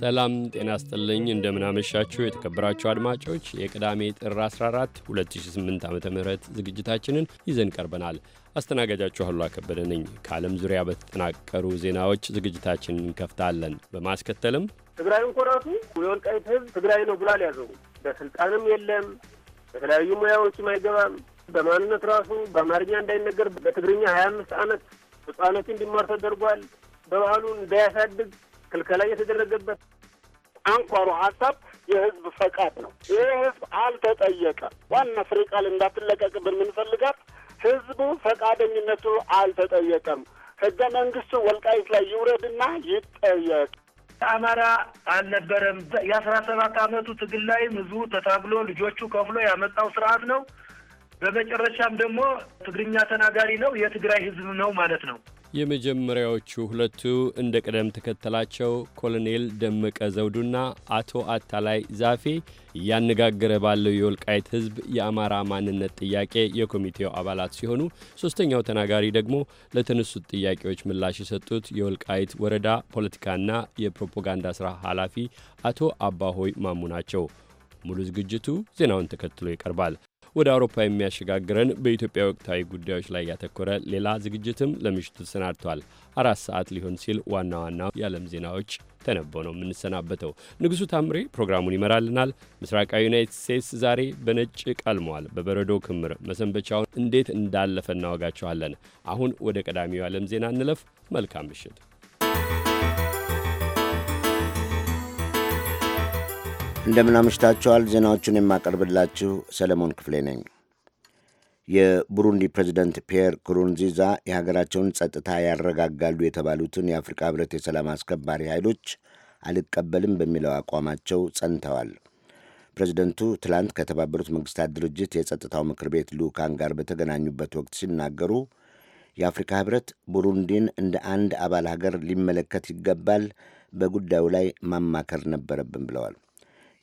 ሰላም ጤና ስጥልኝ። እንደምናመሻችሁ የተከበራችሁ አድማጮች የቅዳሜ ጥር 14 2008 ዓ ም ዝግጅታችንን ይዘን ቀርበናል። አስተናጋጃችሁ አሉ ከበደ ነኝ። ከዓለም ዙሪያ በተጠናቀሩ ዜናዎች ዝግጅታችንን እንከፍታለን። በማስከተልም ትግራይን ኮራቱ የወልቃይት ህዝብ ትግራይ ነው ብሏል ያዘው በስልጣንም የለም በተለያዩ ሙያዎችም አይገባም በማንነት ራሱ በአማርኛ እንዳይነገር በትግርኛ ሀያ አምስት አመት እንዲማር ተደርጓል። በባህሉ እንዳያሳድግ ክልከላ እየተደረገበት አንኳሩ ሀሳብ የህዝብ ፈቃድ ነው። ይህ ህዝብ አልተጠየቀም። ዋና ፍሬ ቃል እንዳትለቀቅብን የምንፈልጋት ህዝቡ ፈቃደኝነቱ አልተጠየቀም። ህገ መንግስቱ ወልቃይት ላይ ይውረድና ይጠየቅ። አማራ አልነበረም። የአስራ ሰባት አመቱ ትግል ላይም ህዝቡ ተታግሎ ልጆቹ ከፍሎ ያመጣው ስርዓት ነው። በመጨረሻም ደግሞ ትግርኛ ተናጋሪ ነው፣ የትግራይ ህዝብ ነው ማለት ነው። የመጀመሪያዎቹ ሁለቱ እንደ ቅደም ተከተላቸው ኮሎኔል ደመቀ ዘውዱና አቶ አታላይ ዛፌ እያነጋገረ ባለው የወልቃይት ሕዝብ የአማራ ማንነት ጥያቄ የኮሚቴው አባላት ሲሆኑ ሶስተኛው ተናጋሪ ደግሞ ለተነሱት ጥያቄዎች ምላሽ የሰጡት የወልቃይት ወረዳ ፖለቲካና የፕሮፓጋንዳ ሥራ ኃላፊ አቶ አባሆይ ማሙ ናቸው። ሙሉ ዝግጅቱ ዜናውን ተከትሎ ይቀርባል። ወደ አውሮፓ የሚያሸጋግረን በኢትዮጵያ ወቅታዊ ጉዳዮች ላይ ያተኮረ ሌላ ዝግጅትም ለምሽቱ ተሰናድቷል። አራት ሰዓት ሊሆን ሲል ዋና ዋና የዓለም ዜናዎች ተነበው ነው የምንሰናበተው። ንጉሡ ታምሬ ፕሮግራሙን ይመራልናል። ምስራቃዊ ዩናይትድ ስቴትስ ዛሬ በነጭ ቀልመዋል። በበረዶ ክምር መሰንበቻውን እንዴት እንዳለፈ እናወጋችኋለን። አሁን ወደ ቀዳሚው የዓለም ዜና እንለፍ። መልካም ምሽት። እንደምናምሽታችኋል። ዜናዎቹን የማቀርብላችሁ ሰለሞን ክፍሌ ነኝ። የቡሩንዲ ፕሬዚደንት ፒየር ኩሩንዚዛ የሀገራቸውን ጸጥታ ያረጋጋሉ የተባሉትን የአፍሪካ ህብረት የሰላም አስከባሪ ኃይሎች አልቀበልም በሚለው አቋማቸው ጸንተዋል። ፕሬዚደንቱ ትላንት ከተባበሩት መንግስታት ድርጅት የጸጥታው ምክር ቤት ልዑካን ጋር በተገናኙበት ወቅት ሲናገሩ የአፍሪካ ህብረት ቡሩንዲን እንደ አንድ አባል ሀገር ሊመለከት ይገባል፣ በጉዳዩ ላይ ማማከር ነበረብን ብለዋል።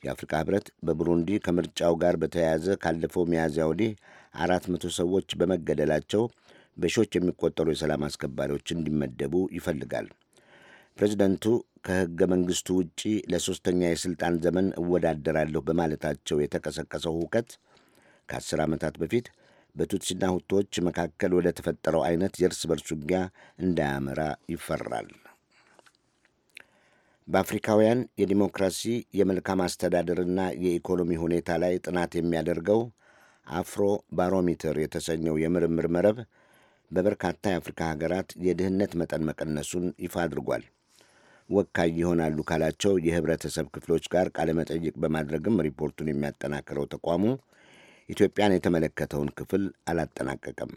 የአፍሪካ ህብረት በቡሩንዲ ከምርጫው ጋር በተያያዘ ካለፈው ሚያዝያ ወዲህ አራት መቶ ሰዎች በመገደላቸው በሺዎች የሚቆጠሩ የሰላም አስከባሪዎች እንዲመደቡ ይፈልጋል። ፕሬዚደንቱ ከህገ መንግስቱ ውጪ ለሦስተኛ የሥልጣን ዘመን እወዳደራለሁ በማለታቸው የተቀሰቀሰው ሁከት ከአስር ዓመታት በፊት በቱትሲና ሁቶች መካከል ወደ ተፈጠረው ዐይነት የእርስ በርስ ውጊያ እንዳያመራ ይፈራል። በአፍሪካውያን የዲሞክራሲ የመልካም አስተዳደርና የኢኮኖሚ ሁኔታ ላይ ጥናት የሚያደርገው አፍሮ ባሮሜተር የተሰኘው የምርምር መረብ በበርካታ የአፍሪካ ሀገራት የድህነት መጠን መቀነሱን ይፋ አድርጓል። ወካይ ይሆናሉ ካላቸው የህብረተሰብ ክፍሎች ጋር ቃለመጠይቅ በማድረግም ሪፖርቱን የሚያጠናክረው ተቋሙ ኢትዮጵያን የተመለከተውን ክፍል አላጠናቀቀም።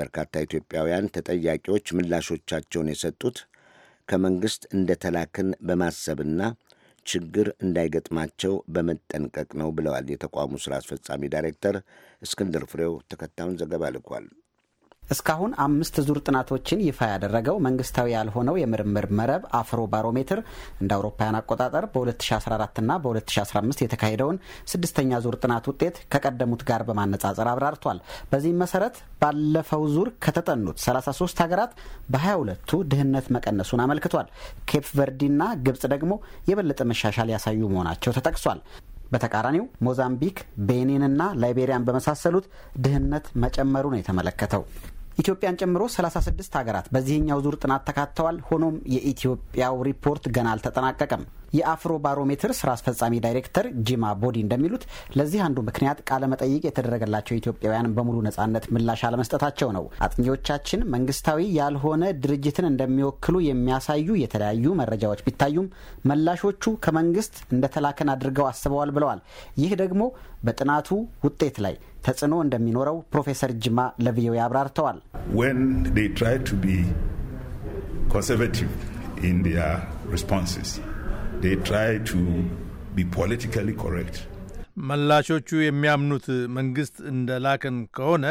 በርካታ ኢትዮጵያውያን ተጠያቂዎች ምላሾቻቸውን የሰጡት ከመንግሥት ተላክን በማሰብና ችግር እንዳይገጥማቸው በመጠንቀቅ ነው ብለዋል የተቋሙ ሥራ አስፈጻሚ ዳይሬክተር። እስክንድር ፍሬው ተከታዩን ዘገባ ልኳል። እስካሁን አምስት ዙር ጥናቶችን ይፋ ያደረገው መንግስታዊ ያልሆነው የምርምር መረብ አፍሮ ባሮሜትር እንደ አውሮፓውያን አቆጣጠር በ2014 እና በ2015 የተካሄደውን ስድስተኛ ዙር ጥናት ውጤት ከቀደሙት ጋር በማነጻጸር አብራርቷል። በዚህም መሰረት ባለፈው ዙር ከተጠኑት 33 ሀገራት በ22ቱ ድህነት መቀነሱን አመልክቷል። ኬፕ ቨርዲና ግብጽ ደግሞ የበለጠ መሻሻል ያሳዩ መሆናቸው ተጠቅሷል። በተቃራኒው ሞዛምቢክ፣ ቤኒንና ላይቤሪያን በመሳሰሉት ድህነት መጨመሩ ነው የተመለከተው። ኢትዮጵያን ጨምሮ 36 ሀገራት በዚህኛው ዙር ጥናት ተካተዋል። ሆኖም የኢትዮጵያው ሪፖርት ገና አልተጠናቀቀም። የአፍሮ ባሮሜትር ስራ አስፈጻሚ ዳይሬክተር ጂማ ቦዲ እንደሚሉት ለዚህ አንዱ ምክንያት ቃለመጠይቅ የተደረገላቸው ኢትዮጵያውያን በሙሉ ነጻነት ምላሽ አለመስጠታቸው ነው። አጥኚዎቻችን መንግስታዊ ያልሆነ ድርጅትን እንደሚወክሉ የሚያሳዩ የተለያዩ መረጃዎች ቢታዩም መላሾቹ ከመንግስት እንደተላከን አድርገው አስበዋል ብለዋል። ይህ ደግሞ በጥናቱ ውጤት ላይ ተጽዕኖ እንደሚኖረው ፕሮፌሰር ጅማ ለቪኦኤ አብራርተዋል። ኮንሰርቬቲቭ ኢን ሪስፖንስስ they try to be መላሾቹ የሚያምኑት መንግስት እንደ ላከን ከሆነ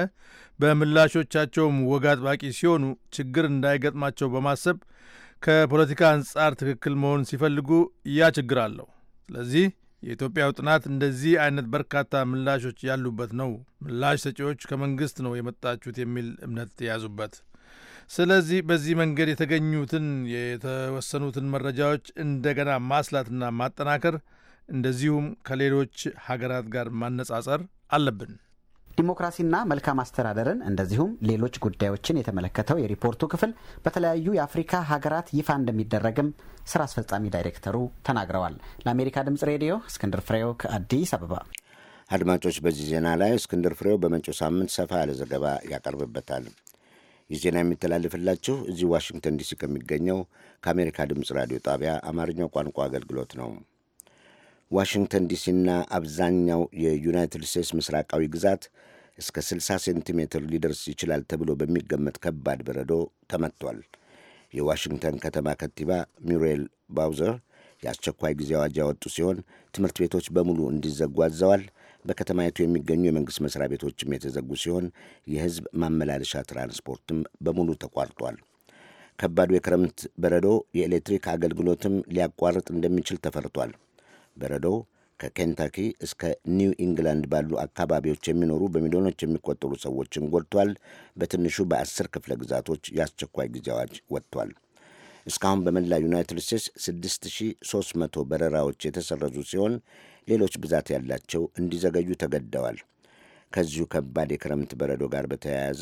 በምላሾቻቸውም ወግ አጥባቂ ሲሆኑ ችግር እንዳይገጥማቸው በማሰብ ከፖለቲካ አንጻር ትክክል መሆን ሲፈልጉ ያ ችግር አለው። ስለዚህ የኢትዮጵያው ጥናት እንደዚህ አይነት በርካታ ምላሾች ያሉበት ነው። ምላሽ ሰጪዎች ከመንግስት ነው የመጣችሁት የሚል እምነት የያዙበት ስለዚህ በዚህ መንገድ የተገኙትን የተወሰኑትን መረጃዎች እንደገና ማስላትና ማጠናከር እንደዚሁም ከሌሎች ሀገራት ጋር ማነጻጸር አለብን። ዲሞክራሲና መልካም አስተዳደርን እንደዚሁም ሌሎች ጉዳዮችን የተመለከተው የሪፖርቱ ክፍል በተለያዩ የአፍሪካ ሀገራት ይፋ እንደሚደረግም ስራ አስፈጻሚ ዳይሬክተሩ ተናግረዋል። ለአሜሪካ ድምጽ ሬዲዮ እስክንድር ፍሬው ከአዲስ አበባ። አድማጮች፣ በዚህ ዜና ላይ እስክንድር ፍሬው በመጪው ሳምንት ሰፋ ያለ ዘገባ ያቀርብበታል። ይህ ዜና የሚተላለፍላችሁ እዚህ ዋሽንግተን ዲሲ ከሚገኘው ከአሜሪካ ድምፅ ራዲዮ ጣቢያ አማርኛው ቋንቋ አገልግሎት ነው። ዋሽንግተን ዲሲና አብዛኛው የዩናይትድ ስቴትስ ምስራቃዊ ግዛት እስከ 60 ሴንቲሜትር ሊደርስ ይችላል ተብሎ በሚገመት ከባድ በረዶ ተመቷል። የዋሽንግተን ከተማ ከንቲባ ሚሩኤል ባውዘር የአስቸኳይ ጊዜ አዋጅ ያወጡ ሲሆን ትምህርት ቤቶች በሙሉ እንዲዘጉ አዘዋል። በከተማይቱ የሚገኙ የመንግሥት መስሪያ ቤቶችም የተዘጉ ሲሆን የሕዝብ ማመላለሻ ትራንስፖርትም በሙሉ ተቋርጧል። ከባዱ የክረምት በረዶ የኤሌክትሪክ አገልግሎትም ሊያቋርጥ እንደሚችል ተፈርቷል። በረዶ ከኬንታኪ እስከ ኒው ኢንግላንድ ባሉ አካባቢዎች የሚኖሩ በሚሊዮኖች የሚቆጠሩ ሰዎችን ጎድቷል። በትንሹ በአስር ክፍለ ግዛቶች የአስቸኳይ ጊዜ አዋጅ ወጥቷል። እስካሁን በመላ ዩናይትድ ስቴትስ 6300 በረራዎች የተሰረዙ ሲሆን ሌሎች ብዛት ያላቸው እንዲዘገዩ ተገደዋል። ከዚሁ ከባድ የክረምት በረዶ ጋር በተያያዘ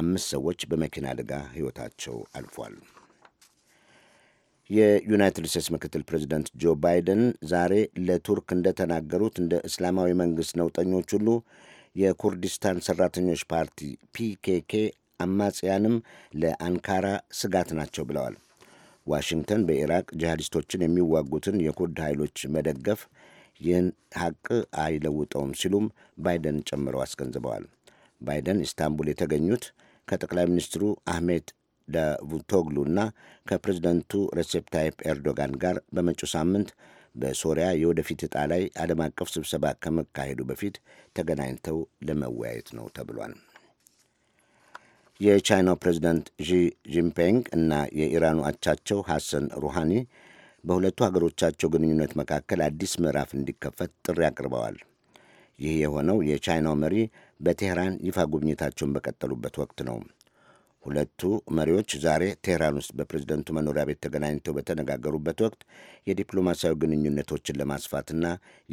አምስት ሰዎች በመኪና አደጋ ሕይወታቸው አልፏል። የዩናይትድ ስቴትስ ምክትል ፕሬዚደንት ጆ ባይደን ዛሬ ለቱርክ እንደተናገሩት እንደ እስላማዊ መንግሥት ነውጠኞች ሁሉ የኩርዲስታን ሠራተኞች ፓርቲ ፒኬኬ አማጽያንም ለአንካራ ስጋት ናቸው ብለዋል። ዋሽንግተን በኢራቅ ጂሃዲስቶችን የሚዋጉትን የኩርድ ኃይሎች መደገፍ ይህን ሐቅ አይለውጠውም ሲሉም ባይደን ጨምረው አስገንዝበዋል። ባይደን ኢስታንቡል የተገኙት ከጠቅላይ ሚኒስትሩ አህሜት ዳውቶግሉ እና ከፕሬዚደንቱ ሬሴፕ ታይፕ ኤርዶጋን ጋር በመጪው ሳምንት በሶሪያ የወደፊት ዕጣ ላይ ዓለም አቀፍ ስብሰባ ከመካሄዱ በፊት ተገናኝተው ለመወያየት ነው ተብሏል። የቻይናው ፕሬዚዳንት ዢ ጂንፒንግ እና የኢራኑ አቻቸው ሐሰን ሩሃኒ በሁለቱ ሀገሮቻቸው ግንኙነት መካከል አዲስ ምዕራፍ እንዲከፈት ጥሪ አቅርበዋል። ይህ የሆነው የቻይናው መሪ በቴህራን ይፋ ጉብኝታቸውን በቀጠሉበት ወቅት ነው። ሁለቱ መሪዎች ዛሬ ቴህራን ውስጥ በፕሬዝደንቱ መኖሪያ ቤት ተገናኝተው በተነጋገሩበት ወቅት የዲፕሎማሲያዊ ግንኙነቶችን ለማስፋትና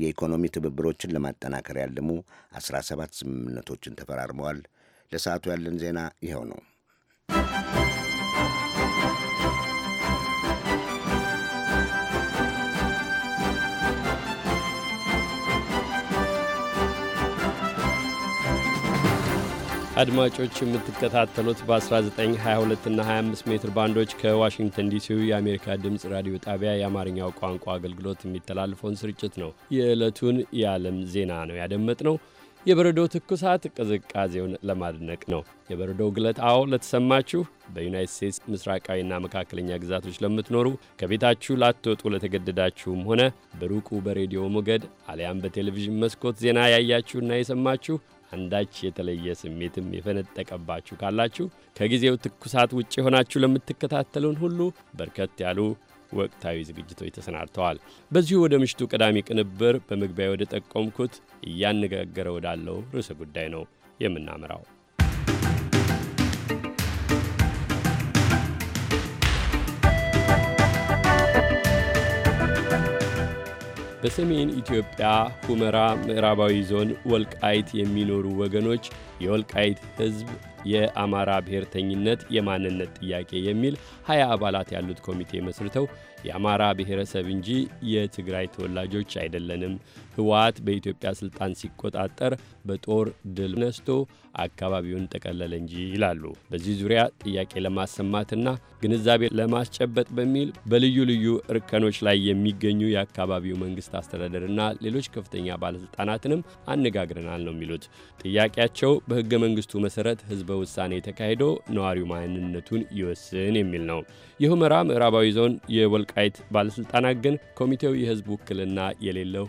የኢኮኖሚ ትብብሮችን ለማጠናከር ያለሙ 17 ስምምነቶችን ተፈራርመዋል። ለሰዓቱ ያለን ዜና ይኸው ነው። አድማጮች የምትከታተሉት በ1922 እና 25 ሜትር ባንዶች ከዋሽንግተን ዲሲው የአሜሪካ ድምፅ ራዲዮ ጣቢያ የአማርኛው ቋንቋ አገልግሎት የሚተላልፈውን ስርጭት ነው። የዕለቱን የዓለም ዜና ነው ያደመጥ ነው። የበረዶ ትኩሳት ቅዝቃዜውን ለማድነቅ ነው። የበረዶ ግለታው ለተሰማችሁ በዩናይት ስቴትስ ምስራቃዊና መካከለኛ ግዛቶች ለምትኖሩ ከቤታችሁ ላትወጡ ለተገደዳችሁም ሆነ በሩቁ በሬዲዮ ሞገድ አሊያም በቴሌቪዥን መስኮት ዜና ያያችሁና የሰማችሁ አንዳች የተለየ ስሜትም የፈነጠቀባችሁ ካላችሁ ከጊዜው ትኩሳት ውጭ የሆናችሁ ለምትከታተሉን ሁሉ በርከት ያሉ ወቅታዊ ዝግጅቶች ተሰናድተዋል። በዚሁ ወደ ምሽቱ ቀዳሚ ቅንብር በመግቢያ ወደ ጠቆምኩት እያነጋገረ ወዳለው ርዕሰ ጉዳይ ነው የምናምራው። በሰሜን ኢትዮጵያ ሁመራ ምዕራባዊ ዞን ወልቃይት የሚኖሩ ወገኖች የወልቃይት ሕዝብ የአማራ ብሔርተኝነት የማንነት ጥያቄ የሚል ሀያ አባላት ያሉት ኮሚቴ መስርተው የአማራ ብሔረሰብ እንጂ የትግራይ ተወላጆች አይደለንም፣ ህወሓት በኢትዮጵያ ስልጣን ሲቆጣጠር በጦር ድል ነስቶ አካባቢውን ጠቀለለ እንጂ ይላሉ። በዚህ ዙሪያ ጥያቄ ለማሰማትና ግንዛቤ ለማስጨበጥ በሚል በልዩ ልዩ እርከኖች ላይ የሚገኙ የአካባቢው መንግስት አስተዳደርና ሌሎች ከፍተኛ ባለስልጣናትንም አነጋግረናል ነው የሚሉት። ጥያቄያቸው በህገ መንግስቱ መሰረት ህዝበ ውሳኔ ተካሂዶ ነዋሪው ማንነቱን ይወስን የሚል ነው። የሁመራ ምዕራባዊ ዞን የወልቃይት ባለሥልጣናት ግን ኮሚቴው የሕዝብ ውክልና የሌለው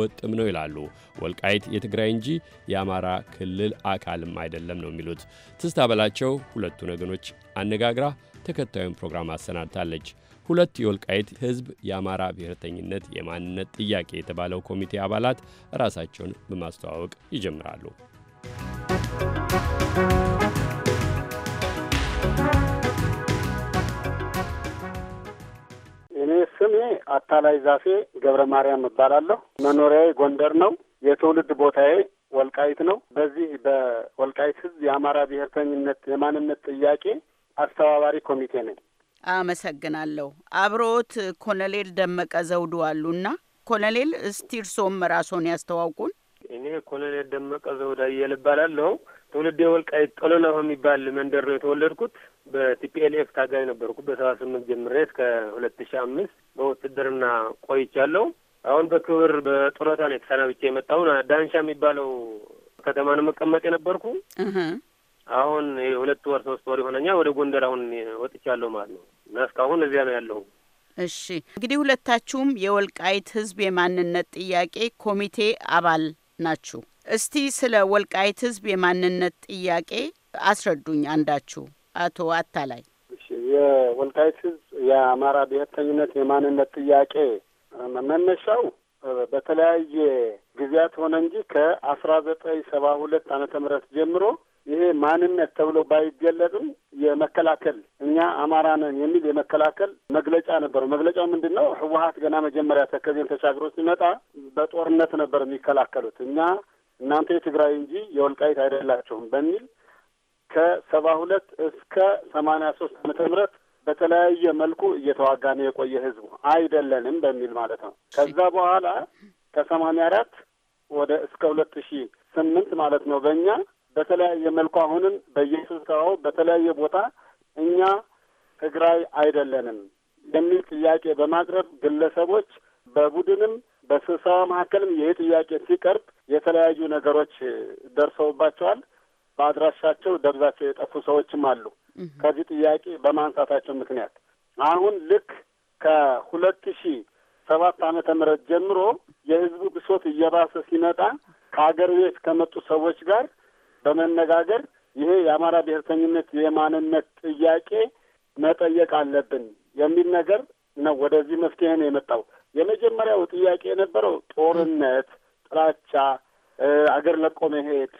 ወጥም ነው ይላሉ። ወልቃይት የትግራይ እንጂ የአማራ ክልል አካልም አይደለም ነው የሚሉት። ትስታ በላቸው ሁለቱን ወገኖች አነጋግራ ተከታዩን ፕሮግራም አሰናድታለች። ሁለት የወልቃይት ህዝብ የአማራ ብሔርተኝነት የማንነት ጥያቄ የተባለው ኮሚቴ አባላት ራሳቸውን በማስተዋወቅ ይጀምራሉ። ስሜ አታላይ ዛፌ ገብረ ማርያም እባላለሁ። መኖሪያዬ ጎንደር ነው። የትውልድ ቦታዬ ወልቃይት ነው። በዚህ በወልቃይት ህዝብ የአማራ ብሔርተኝነት የማንነት ጥያቄ አስተባባሪ ኮሚቴ ነኝ። አመሰግናለሁ። አብሮት ኮሎኔል ደመቀ ዘውዱ አሉና፣ ኮሎኔል እስቲ እርስዎም ራስዎን ያስተዋውቁን። እኔ ኮሎኔል ደመቀ ዘውዳ እባላለሁ። ትውልድ የወልቃይት ጠሎናሁ የሚባል መንደር ነው የተወለድኩት። በቲፒኤልኤፍ ታጋይ ነበርኩ በሰባ ስምንት ጀምሬ እስከ ሁለት ሺ አምስት በውትድርና ቆይቻለሁ። አሁን በክብር በጡረታ ነው የተሰናብቼ የመጣሁ። ዳንሻ የሚባለው ከተማ ነው መቀመጥ የነበርኩ። አሁን የሁለት ወር ሶስት ወር የሆነኛል ወደ ጎንደር አሁን ወጥቻለሁ ማለት ነው እና እስካሁን እዚያ ነው ያለው። እሺ እንግዲህ ሁለታችሁም የወልቃይት ህዝብ የማንነት ጥያቄ ኮሚቴ አባል ናችሁ። እስቲ ስለ ወልቃይት ህዝብ የማንነት ጥያቄ አስረዱኝ አንዳችሁ። አቶ አታላይ የወልቃይት ህዝብ የአማራ ብሔርተኝነት የማንነት ጥያቄ መነሻው በተለያየ ጊዜያት ሆነ እንጂ ከአስራ ዘጠኝ ሰባ ሁለት አመተ ምህረት ጀምሮ ይሄ ማንነት ተብሎ ባይገለጥም የመከላከል እኛ አማራ ነን የሚል የመከላከል መግለጫ ነበረው። መግለጫው ምንድን ነው? ህወሀት ገና መጀመሪያ ተከዜን ተሻግሮ ሲመጣ በጦርነት ነበር የሚከላከሉት እኛ እናንተ የትግራይ እንጂ የወልቃይት አይደላቸውም በሚል ከሰባ ሁለት እስከ ሰማንያ ሶስት አመተ ምህረት በተለያየ መልኩ እየተዋጋን የቆየ ህዝቡ አይደለንም በሚል ማለት ነው። ከዛ በኋላ ከሰማንያ አራት ወደ እስከ ሁለት ሺ ስምንት ማለት ነው በእኛ በተለያየ መልኩ አሁንም በየስብሰባው በተለያየ ቦታ እኛ ትግራይ አይደለንም የሚል ጥያቄ በማቅረብ ግለሰቦች በቡድንም በስብሰባ መካከልም ይህ ጥያቄ ሲቀርብ የተለያዩ ነገሮች ደርሰውባቸዋል። በአድራሻቸው ደብዛቸው የጠፉ ሰዎችም አሉ። ከዚህ ጥያቄ በማንሳታቸው ምክንያት አሁን ልክ ከሁለት ሺህ ሰባት ዓመተ ምህረት ጀምሮ የህዝቡ ብሶት እየባሰ ሲመጣ ከአገር ቤት ከመጡ ሰዎች ጋር በመነጋገር ይሄ የአማራ ብሔርተኝነት የማንነት ጥያቄ መጠየቅ አለብን የሚል ነገር ነው ወደዚህ መፍትሄ ነው የመጣው። የመጀመሪያው ጥያቄ የነበረው ጦርነት፣ ጥላቻ፣ አገር ለቆ መሄድ፣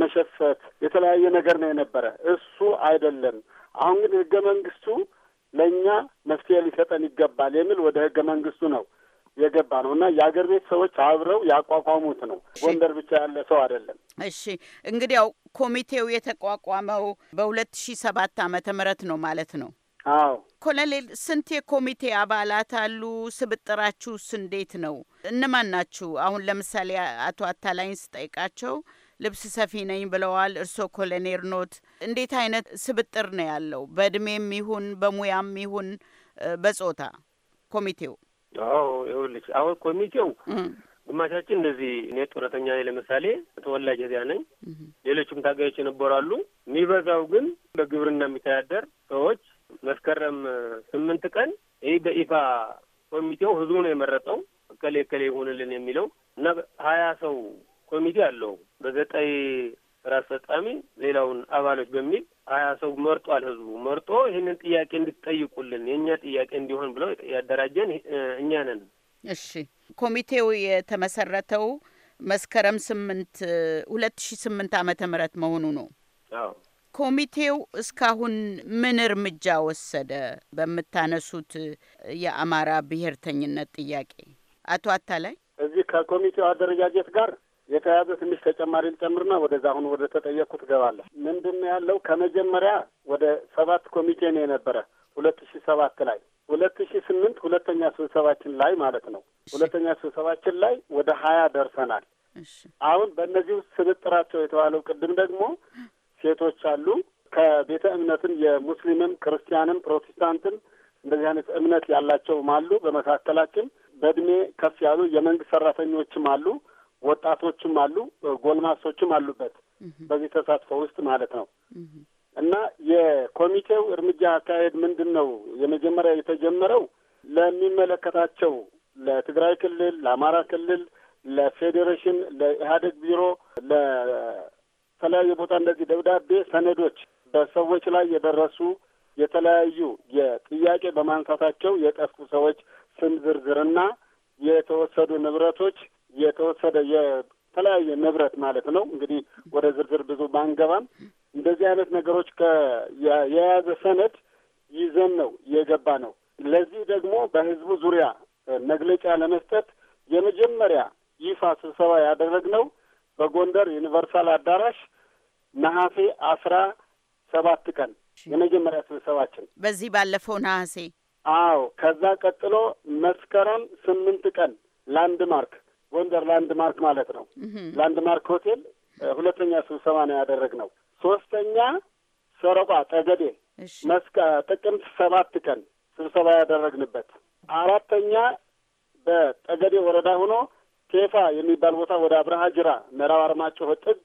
መሸፈት የተለያየ ነገር ነው የነበረ። እሱ አይደለም። አሁን ግን ህገ መንግስቱ ለእኛ መፍትሄ ሊሰጠን ይገባል የሚል ወደ ህገ መንግስቱ ነው የገባ ነው እና የአገር ቤት ሰዎች አብረው ያቋቋሙት ነው። ጎንደር ብቻ ያለ ሰው አይደለም። እሺ እንግዲህ ያው ኮሚቴው የተቋቋመው በሁለት ሺ ሰባት አመተ ምህረት ነው ማለት ነው። አዎ ኮሎኔል ስንት የኮሚቴ አባላት አሉ? ስብጥራችሁስ እንዴት ነው? እነማን ናችሁ? አሁን ለምሳሌ አቶ አታላይን ስጠይቃቸው ልብስ ሰፊ ነኝ ብለዋል። እርስዎ ኮሎኔል ኖት። እንዴት አይነት ስብጥር ነው ያለው? በእድሜም ይሁን በሙያም ይሁን በጾታ ኮሚቴው? አዎ ይኸውልሽ፣ አሁን ኮሚቴው ግማሻችን እንደዚህ እኔ ጡረተኛ ነኝ ለምሳሌ ተወላጅ እዚያ ነኝ። ሌሎችም ታጋዮች የነበሩ አሉ። የሚበዛው ግን በግብርና የሚተዳደር ሰዎች መስከረም ስምንት ቀን ይህ በኢፋ ኮሚቴው ህዝቡ ነው የመረጠው እከሌ እከሌ ይሆንልን የሚለው እና ሀያ ሰው ኮሚቴ አለው በዘጠኝ ስራ አስፈጻሚ ሌላውን አባሎች በሚል ሀያ ሰው መርጧል። ህዝቡ መርጦ ይህንን ጥያቄ እንድትጠይቁልን የእኛ ጥያቄ እንዲሆን ብለው ያደራጀን እኛ ነን። እሺ ኮሚቴው የተመሰረተው መስከረም ስምንት ሁለት ሺ ስምንት አመተ ምህረት መሆኑ ነው። አዎ ኮሚቴው እስካሁን ምን እርምጃ ወሰደ? በምታነሱት የአማራ ብሔርተኝነት ጥያቄ አቶ አታላይ እዚህ ከኮሚቴው አደረጃጀት ጋር የተያዘ ትንሽ ተጨማሪ ልጨምርና ወደዛ አሁን ወደ ተጠየቅኩት እገባለሁ። ምንድን ነው ያለው? ከመጀመሪያ ወደ ሰባት ኮሚቴ ነው የነበረ ሁለት ሺ ሰባት ላይ ሁለት ሺ ስምንት ሁለተኛ ስብሰባችን ላይ ማለት ነው። ሁለተኛ ስብሰባችን ላይ ወደ ሀያ ደርሰናል። አሁን በእነዚህ ውስጥ ስብጥራቸው የተባለው ቅድም ደግሞ ሴቶች አሉ። ከቤተ እምነትም የሙስሊምም፣ ክርስቲያንም፣ ፕሮቴስታንትም እንደዚህ አይነት እምነት ያላቸውም አሉ። በመካከላችን በእድሜ ከፍ ያሉ የመንግስት ሰራተኞችም አሉ፣ ወጣቶችም አሉ፣ ጎልማሶችም አሉበት በዚህ ተሳትፎ ውስጥ ማለት ነው። እና የኮሚቴው እርምጃ አካሄድ ምንድን ነው? የመጀመሪያ የተጀመረው ለሚመለከታቸው ለትግራይ ክልል፣ ለአማራ ክልል፣ ለፌዴሬሽን፣ ለኢህአዴግ ቢሮ፣ ከተለያዩ ቦታ እንደዚህ ደብዳቤ ሰነዶች በሰዎች ላይ የደረሱ የተለያዩ የጥያቄ በማንሳታቸው የጠፉ ሰዎች ስም ዝርዝርና የተወሰዱ ንብረቶች የተወሰደ የተለያየ ንብረት ማለት ነው። እንግዲህ ወደ ዝርዝር ብዙ ባንገባም እንደዚህ አይነት ነገሮች የያዘ ሰነድ ይዘን ነው የገባ ነው። ለዚህ ደግሞ በህዝቡ ዙሪያ መግለጫ ለመስጠት የመጀመሪያ ይፋ ስብሰባ ያደረግነው በጎንደር ዩኒቨርሳል አዳራሽ ነሐሴ አስራ ሰባት ቀን የመጀመሪያ ስብሰባችን በዚህ ባለፈው ነሐሴ። አዎ። ከዛ ቀጥሎ መስከረም ስምንት ቀን ላንድማርክ ጎንደር ላንድማርክ ማለት ነው። ላንድማርክ ሆቴል ሁለተኛ ስብሰባ ነው ያደረግነው። ሶስተኛ ሰረቋ ጠገዴ መስከ ጥቅምት ሰባት ቀን ስብሰባ ያደረግንበት። አራተኛ በጠገዴ ወረዳ ሆኖ ቴፋ የሚባል ቦታ ወደ አብረሃ ጅራ ምዕራብ አርማጭሆ ጥግ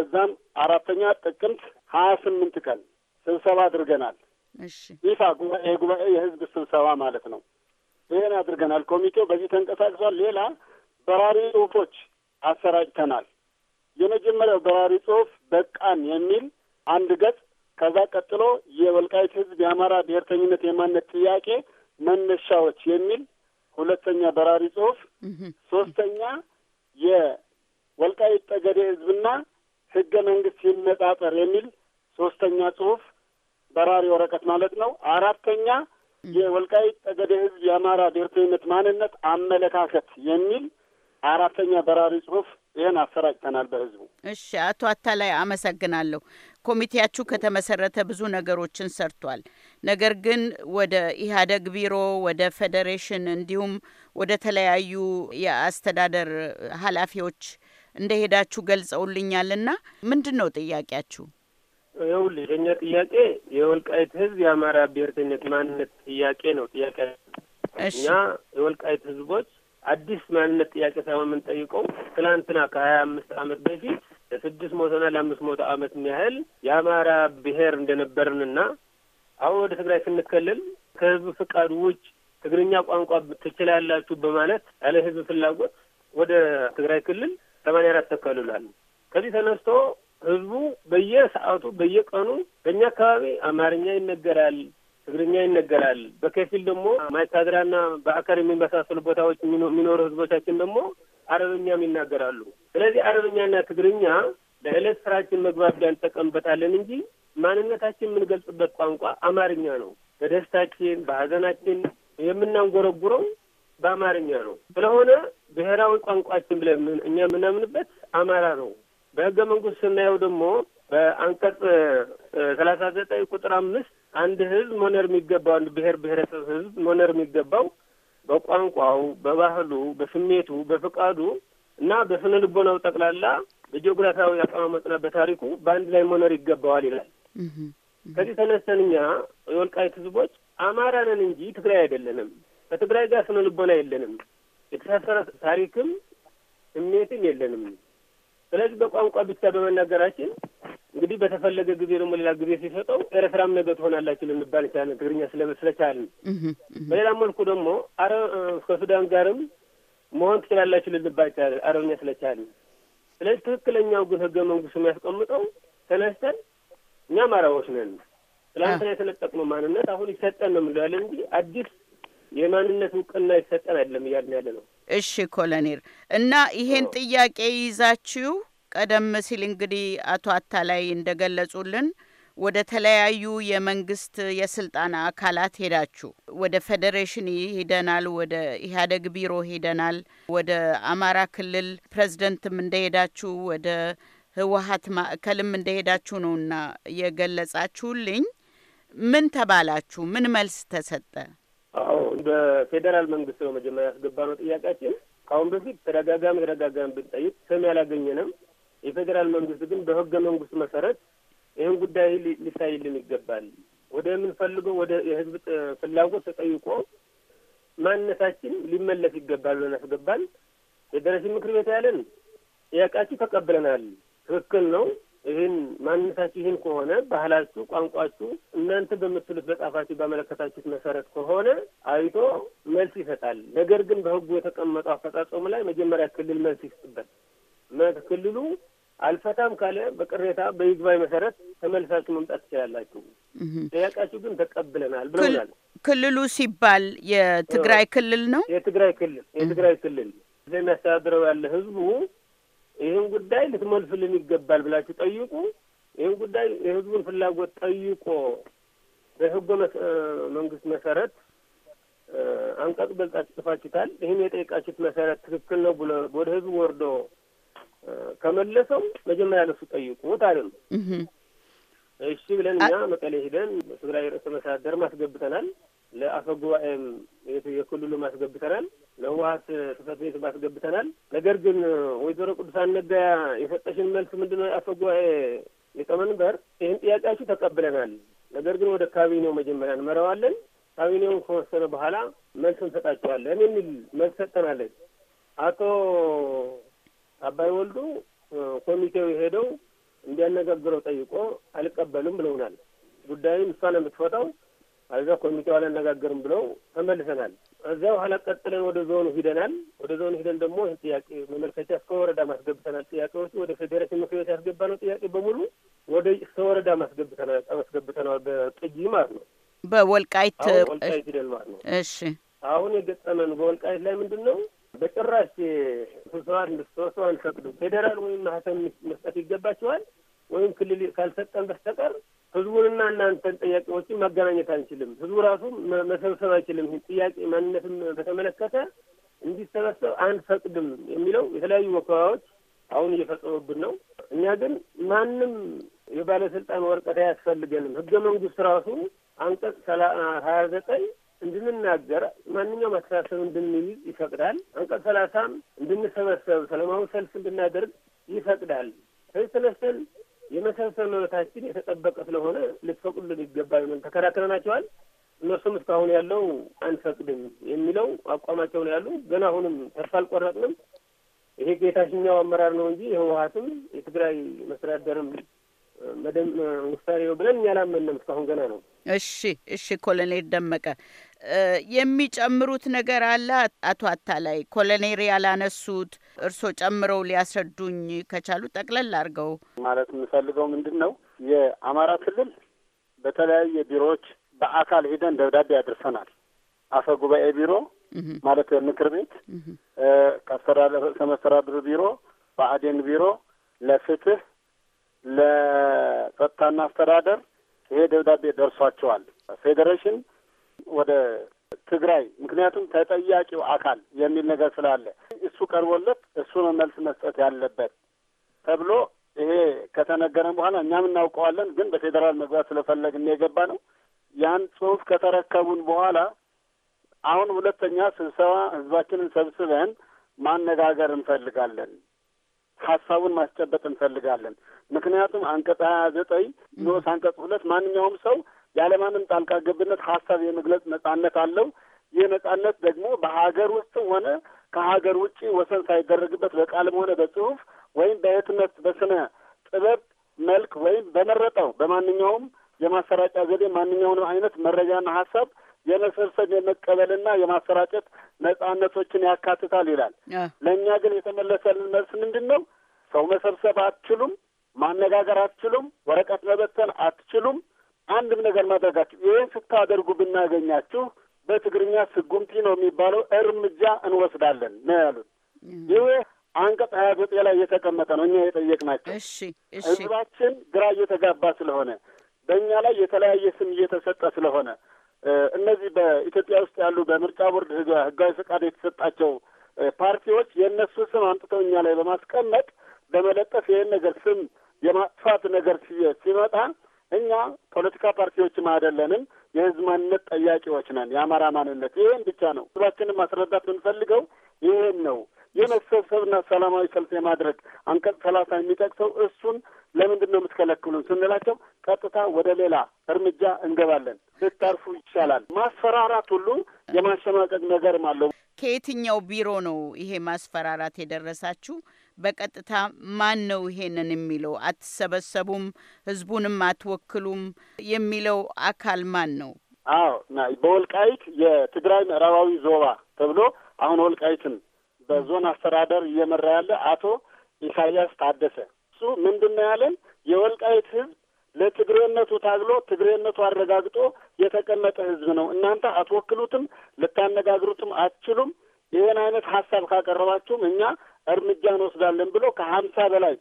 እዛም አራተኛ ጥቅምት ሀያ ስምንት ቀን ስብሰባ አድርገናል። ይፋ ጉባኤ የጉባኤ የህዝብ ስብሰባ ማለት ነው። ይህን አድርገናል። ኮሚቴው በዚህ ተንቀሳቅሷል። ሌላ በራሪ ጽሁፎች አሰራጭተናል። የመጀመሪያው በራሪ ጽሁፍ በቃን የሚል አንድ ገጽ፣ ከዛ ቀጥሎ የወልቃይት ህዝብ የአማራ ብሔርተኝነት የማንነት ጥያቄ መነሻዎች የሚል ሁለተኛ በራሪ ጽሁፍ፣ ሶስተኛ የወልቃይት ጠገዴ ህዝብና ህገ መንግስት ሲነጻጸር የሚል ሶስተኛ ጽሁፍ በራሪ ወረቀት ማለት ነው። አራተኛ የወልቃይት ጠገዴ ህዝብ የአማራ ብሔርተኝነት ማንነት አመለካከት የሚል አራተኛ በራሪ ጽሁፍ ይህን አሰራጭተናል በህዝቡ። እሺ አቶ አታላይ አመሰግናለሁ። ኮሚቴያችሁ ከተመሰረተ ብዙ ነገሮችን ሰርቷል። ነገር ግን ወደ ኢህአደግ ቢሮ፣ ወደ ፌዴሬሽን እንዲሁም ወደ ተለያዩ የአስተዳደር ኃላፊዎች እንደሄዳችሁ ገልጸውልኛልና ምንድን ነው ጥያቄያችሁ? ይኸውልሽ የእኛ ጥያቄ የወልቃይት ህዝብ የአማራ ብሔርተኝነት ማንነት ጥያቄ ነው። ጥያቄ እኛ የወልቃይት ህዝቦች አዲስ ማንነት ጥያቄ ሳይሆን የምንጠይቀው ትላንትና ከሀያ አምስት አመት በፊት ለስድስት መቶና ለአምስት መቶ ዓመት ያህል የአማራ ብሔር እንደነበርንና አሁን ወደ ትግራይ ስንከለል ከህዝብ ፍቃድ ውጭ ትግርኛ ቋንቋ ትችላላችሁ በማለት ያለ ህዝብ ፍላጎት ወደ ትግራይ ክልል ሰማንያ አራት ተከልሏል። ከዚህ ተነስቶ ህዝቡ በየሰዓቱ በየቀኑ በእኛ አካባቢ አማርኛ ይነገራል፣ ትግርኛ ይነገራል። በከፊል ደግሞ ማይካድራና በአከር የሚመሳሰሉ ቦታዎች የሚኖሩ ህዝቦቻችን ደግሞ አረብኛም ይናገራሉ። ስለዚህ አረብኛና ትግርኛ ለዕለት ስራችን መግባቢያ እንጠቀምበታለን እንጂ ማንነታችን የምንገልጽበት ቋንቋ አማርኛ ነው። በደስታችን በሀዘናችን የምናንጎረጉረው በአማርኛ ነው። ስለሆነ ብሔራዊ ቋንቋችን ብለን እኛ የምናምንበት አማራ ነው። በህገ መንግስት ስናየው ደግሞ በአንቀጽ ሰላሳ ዘጠኝ ቁጥር አምስት አንድ ህዝብ መኖር የሚገባው አንድ ብሔር ብሔረሰብ ህዝብ መኖር የሚገባው በቋንቋው፣ በባህሉ፣ በስሜቱ፣ በፍቃዱ እና በስነ ልቦናው ጠቅላላ በጂኦግራፊያዊ አቀማመጥና በታሪኩ በአንድ ላይ መኖር ይገባዋል ይላል። ከዚህ ተነስተን እኛ የወልቃይት ህዝቦች አማራ ነን እንጂ ትግራይ አይደለንም። ከትግራይ ጋር ስነ ልቦና የለንም። የተሳሰረ ታሪክም ስሜትም የለንም። ስለዚህ በቋንቋ ብቻ በመናገራችን እንግዲህ በተፈለገ ጊዜ ደግሞ ሌላ ጊዜ ሲሰጠው ኤርትራም ነገ ትሆናላችሁ ልንባል እንችላለን፣ ትግርኛ ስለመስለቻልን። በሌላ መልኩ ደግሞ አረ ከሱዳን ጋርም መሆን ትችላላችሁ ልልባ ይቻላል። አረብኛ ስለቻለ ስለዚህ ትክክለኛው ግን ህገ መንግስቱ የሚያስቀምጠው ተነስተን እኛም አረቦች ነን ትላንትና የተነጠቅነው ማንነት አሁን ይሰጠን ነው የምንለው ያለ እንጂ አዲስ የማንነት እውቅና ይሰጠን አይደለም እያልን ያለ ነው። እሺ ኮሎኔል፣ እና ይሄን ጥያቄ ይዛችሁ ቀደም ሲል እንግዲህ አቶ አታላይ እንደገለጹልን ወደ ተለያዩ የመንግስት የስልጣን አካላት ሄዳችሁ ወደ ፌዴሬሽን ሄደናል፣ ወደ ኢህአዴግ ቢሮ ሄደናል፣ ወደ አማራ ክልል ፕሬዝደንትም እንደሄዳችሁ ወደ ህወሀት ማዕከልም እንደሄዳችሁ ነውና የገለጻችሁልኝ። ምን ተባላችሁ? ምን መልስ ተሰጠ? አዎ በፌዴራል መንግስት ነው መጀመሪያ ያስገባ ነው ጥያቄያችን። ከአሁን በፊት ተደጋጋሚ ተደጋጋሚ ብንጠይቅ ስም ያላገኘንም። የፌዴራል መንግስት ግን በህገ መንግስት መሰረት ይህን ጉዳይ ሊታይልን ይገባል። ወደ የምንፈልገው ወደ የህዝብ ፍላጎት ተጠይቆ ማንነታችን ሊመለስ ይገባል ብለን ያስገባል የደረሰኝ ምክር ቤት ያለን ጥያቄያችሁ ተቀብለናል፣ ትክክል ነው። ይህን ማንነታችሁ ይህን ከሆነ ባህላችሁ፣ ቋንቋችሁ እናንተ በምትሉት በጻፋችሁ ባመለከታችሁት መሰረት ከሆነ አይቶ መልስ ይሰጣል። ነገር ግን በህጉ የተቀመጠው አፈጻጸሙ ላይ መጀመሪያ ክልል መልስ ይስጥበት ክልሉ አልፈታም ካለ በቅሬታ በይግባኝ መሰረት ተመልሳችሁ መምጣት ትችላላችሁ፣ ጥያቄያችሁ ግን ተቀብለናል ብለውናል። ክልሉ ሲባል የትግራይ ክልል ነው። የትግራይ ክልል የትግራይ ክልል እዚህ የሚያስተዳድረው ያለ ህዝቡ ይህን ጉዳይ ልትመልሱልን ይገባል ብላችሁ ጠይቁ። ይህን ጉዳይ የህዝቡን ፍላጎት ጠይቆ በህገ መንግስት መሰረት አንቀጽ በልጣችሁ ጽፋችሁታል። ይህን የጠየቃችሁት መሰረት ትክክል ነው ብሎ ወደ ህዝቡ ወርዶ ከመለሰው መጀመሪያ ለሱ ጠይቁት አለን። እሺ ብለን እኛ መቀሌ ሂደን ትግራይ ርዕሰ መስተዳደር ማስገብተናል። ለአፈ ጉባኤም የክልሉ ማስገብተናል። ለህወሀት ጽህፈት ቤት ማስገብተናል። ነገር ግን ወይዘሮ ቅዱሳን ነጋያ የሰጠሽን መልስ ምንድን ነው? የአፈ ጉባኤ ሊቀመንበር ይህን ጥያቄያችሁ ተቀብለናል፣ ነገር ግን ወደ ካቢኔው መጀመሪያ እንመራዋለን፣ ካቢኔውን ከወሰነ በኋላ መልስ እንሰጣቸዋለን የሚል መልስ ሰጠናለች። አቶ አባይ ወልዶ ኮሚቴው የሄደው እንዲያነጋግረው ጠይቆ አልቀበልም ብለውናል። ጉዳዩን እሷ ነው የምትፈታው፣ አዛ ኮሚቴው አላነጋግርም ብለው ተመልሰናል። እዚያ በኋላ ቀጥለን ወደ ዞኑ ሂደናል። ወደ ዞኑ ሂደን ደግሞ ይህን ጥያቄ መመልከቻ እስከ ወረዳ ማስገብተናል። ጥያቄዎቹ ወደ ፌዴሬሽን ምክር ቤት ያስገባ ነው ጥያቄ በሙሉ ወደ እስከ ወረዳ ማስገብተናል ማስገብተናል በቅጂ ማለት ነው። በወልቃይት ወልቃይት ሂደን ማለት ነው። እሺ አሁን የገጠመን በወልቃይት ላይ ምንድን ነው በጭራሽ ስብሰባ እንድትሰበሰቡ አንፈቅድም። ፌዴራል ወይም ማህተም መስጠት ይገባቸዋል ወይም ክልል ካልሰጠን በስተቀር ህዝቡንና እናንተን ጥያቄዎችን ማገናኘት አንችልም። ህዝቡ ራሱ መሰብሰብ አይችልም። ጥያቄ ማንነትም በተመለከተ እንዲሰበሰብ አንፈቅድም የሚለው የተለያዩ ወከባዎች አሁን እየፈጸሙብን ነው። እኛ ግን ማንም የባለስልጣን ወረቀት አያስፈልገንም። ህገ መንግስት ራሱ አንቀጽ ሀያ ዘጠኝ እንድንናገር ማንኛውም አስተሳሰብ እንድንይዝ ይፈቅዳል። አንቀጽ ሰላሳም እንድንሰበሰብ ሰላማዊ ሰልፍ እንድናደርግ ይፈቅዳል። ከዚህ ተነስተን የመሰብሰብ መብታችን የተጠበቀ ስለሆነ ልትፈቅዱልን ይገባል ብለን ተከራክረናቸዋል። እነሱም እስካሁን ያለው አንፈቅድም የሚለው አቋማቸው ነው ያሉ። ገና አሁንም ተስፋ አልቆረጥንም። ይሄ የታችኛው አመራር ነው እንጂ የህወሀትም የትግራይ መስተዳደርም መደም ውሳኔ ብለን እኛ አላመንም። እስካሁን ገና ነው። እሺ፣ እሺ ኮሎኔል ደመቀ የሚጨምሩት ነገር አለ? አቶ አታላይ ኮሎኔል ያላነሱት እርሶ ጨምረው ሊያስረዱኝ ከቻሉ ጠቅለል አድርገው ማለት የምፈልገው ምንድን ነው፣ የአማራ ክልል በተለያየ ቢሮዎች በአካል ሂደን ደብዳቤ አድርሰናል። አፈ ጉባኤ ቢሮ ማለት ምክር ቤት፣ ከርዕሰ መስተዳድር ቢሮ፣ ብአዴን ቢሮ፣ ለፍትህ፣ ለጸጥታና አስተዳደር ይሄ ደብዳቤ ደርሷቸዋል። ፌዴሬሽን ወደ ትግራይ ምክንያቱም ተጠያቂው አካል የሚል ነገር ስላለ እሱ ቀርቦለት እሱ ነው መልስ መስጠት ያለበት ተብሎ ይሄ ከተነገረን በኋላ እኛም እናውቀዋለን፣ ግን በፌዴራል መግባት ስለፈለግን የገባ ነው። ያን ጽሁፍ ከተረከቡን በኋላ አሁን ሁለተኛ ስብሰባ ህዝባችንን ሰብስበን ማነጋገር እንፈልጋለን፣ ሀሳቡን ማስጨበጥ እንፈልጋለን። ምክንያቱም አንቀጽ ሀያ ዘጠኝ ንዑስ አንቀጽ ሁለት ማንኛውም ሰው ያለማንም ጣልቃ ገብነት ሀሳብ የመግለጽ ነጻነት አለው። ይህ ነጻነት ደግሞ በሀገር ውስጥም ሆነ ከሀገር ውጭ ወሰን ሳይደረግበት በቃልም ሆነ በጽሁፍ ወይም በህትመት በስነ ጥበብ መልክ ወይም በመረጠው በማንኛውም የማሰራጫ ዘዴ ማንኛውንም አይነት መረጃና ሀሳብ የመሰብሰብ የመቀበልና የማሰራጨት ነጻነቶችን ያካትታል ይላል። ለእኛ ግን የተመለሰልን መልስ ምንድን ነው? ሰው መሰብሰብ አትችሉም፣ ማነጋገር አትችሉም፣ ወረቀት መበተን አትችሉም አንድም ነገር ማድረጋችሁ ይህን ስታደርጉ ብናገኛችሁ በትግርኛ ስጉምቲ ነው የሚባለው እርምጃ እንወስዳለን ነው ያሉት። ይህ አንቀጽ ሀያ ዘጠኝ ላይ እየተቀመጠ ነው። እኛ የጠየቅናቸው ህዝባችን ግራ እየተጋባ ስለሆነ በእኛ ላይ የተለያየ ስም እየተሰጠ ስለሆነ እነዚህ በኢትዮጵያ ውስጥ ያሉ በምርጫ ቦርድ ህጋዊ ፈቃድ የተሰጣቸው ፓርቲዎች የእነሱ ስም አምጥተው እኛ ላይ በማስቀመጥ በመለጠፍ ይህን ነገር ስም የማጥፋት ነገር ሲመጣ እኛ ፖለቲካ ፓርቲዎችም አይደለንም። የህዝብ ማንነት ጠያቂዎች ነን። የአማራ ማንነት ይሄን ብቻ ነው። ህዝባችንን ማስረዳት የምንፈልገው ይሄን ነው። የመሰብሰብና ሰላማዊ ሰልፍ የማድረግ አንቀጽ ሰላሳ የሚጠቅሰው እሱን ለምንድን ነው የምትከለክሉን ስንላቸው ቀጥታ ወደ ሌላ እርምጃ እንገባለን፣ ልታርፉ ይሻላል። ማስፈራራት ሁሉ የማሸማቀቅ ነገርም አለው። ከየትኛው ቢሮ ነው ይሄ ማስፈራራት የደረሳችሁ? በቀጥታ ማን ነው ይሄንን የሚለው? አትሰበሰቡም፣ ህዝቡንም አትወክሉም የሚለው አካል ማን ነው? አዎ በወልቃይት የትግራይ ምዕራባዊ ዞባ ተብሎ አሁን ወልቃይትን በዞን አስተዳደር እየመራ ያለ አቶ ኢሳያስ ታደሰ እሱ ምንድን ነው ያለን የወልቃይት ህዝብ ለትግሬነቱ ታግሎ ትግሬነቱ አረጋግጦ የተቀመጠ ህዝብ ነው። እናንተ አትወክሉትም፣ ልታነጋግሩትም አትችሉም። ይህን አይነት ሀሳብ ካቀረባችሁም እኛ እርምጃ እንወስዳለን ብሎ ከሀምሳ በላይ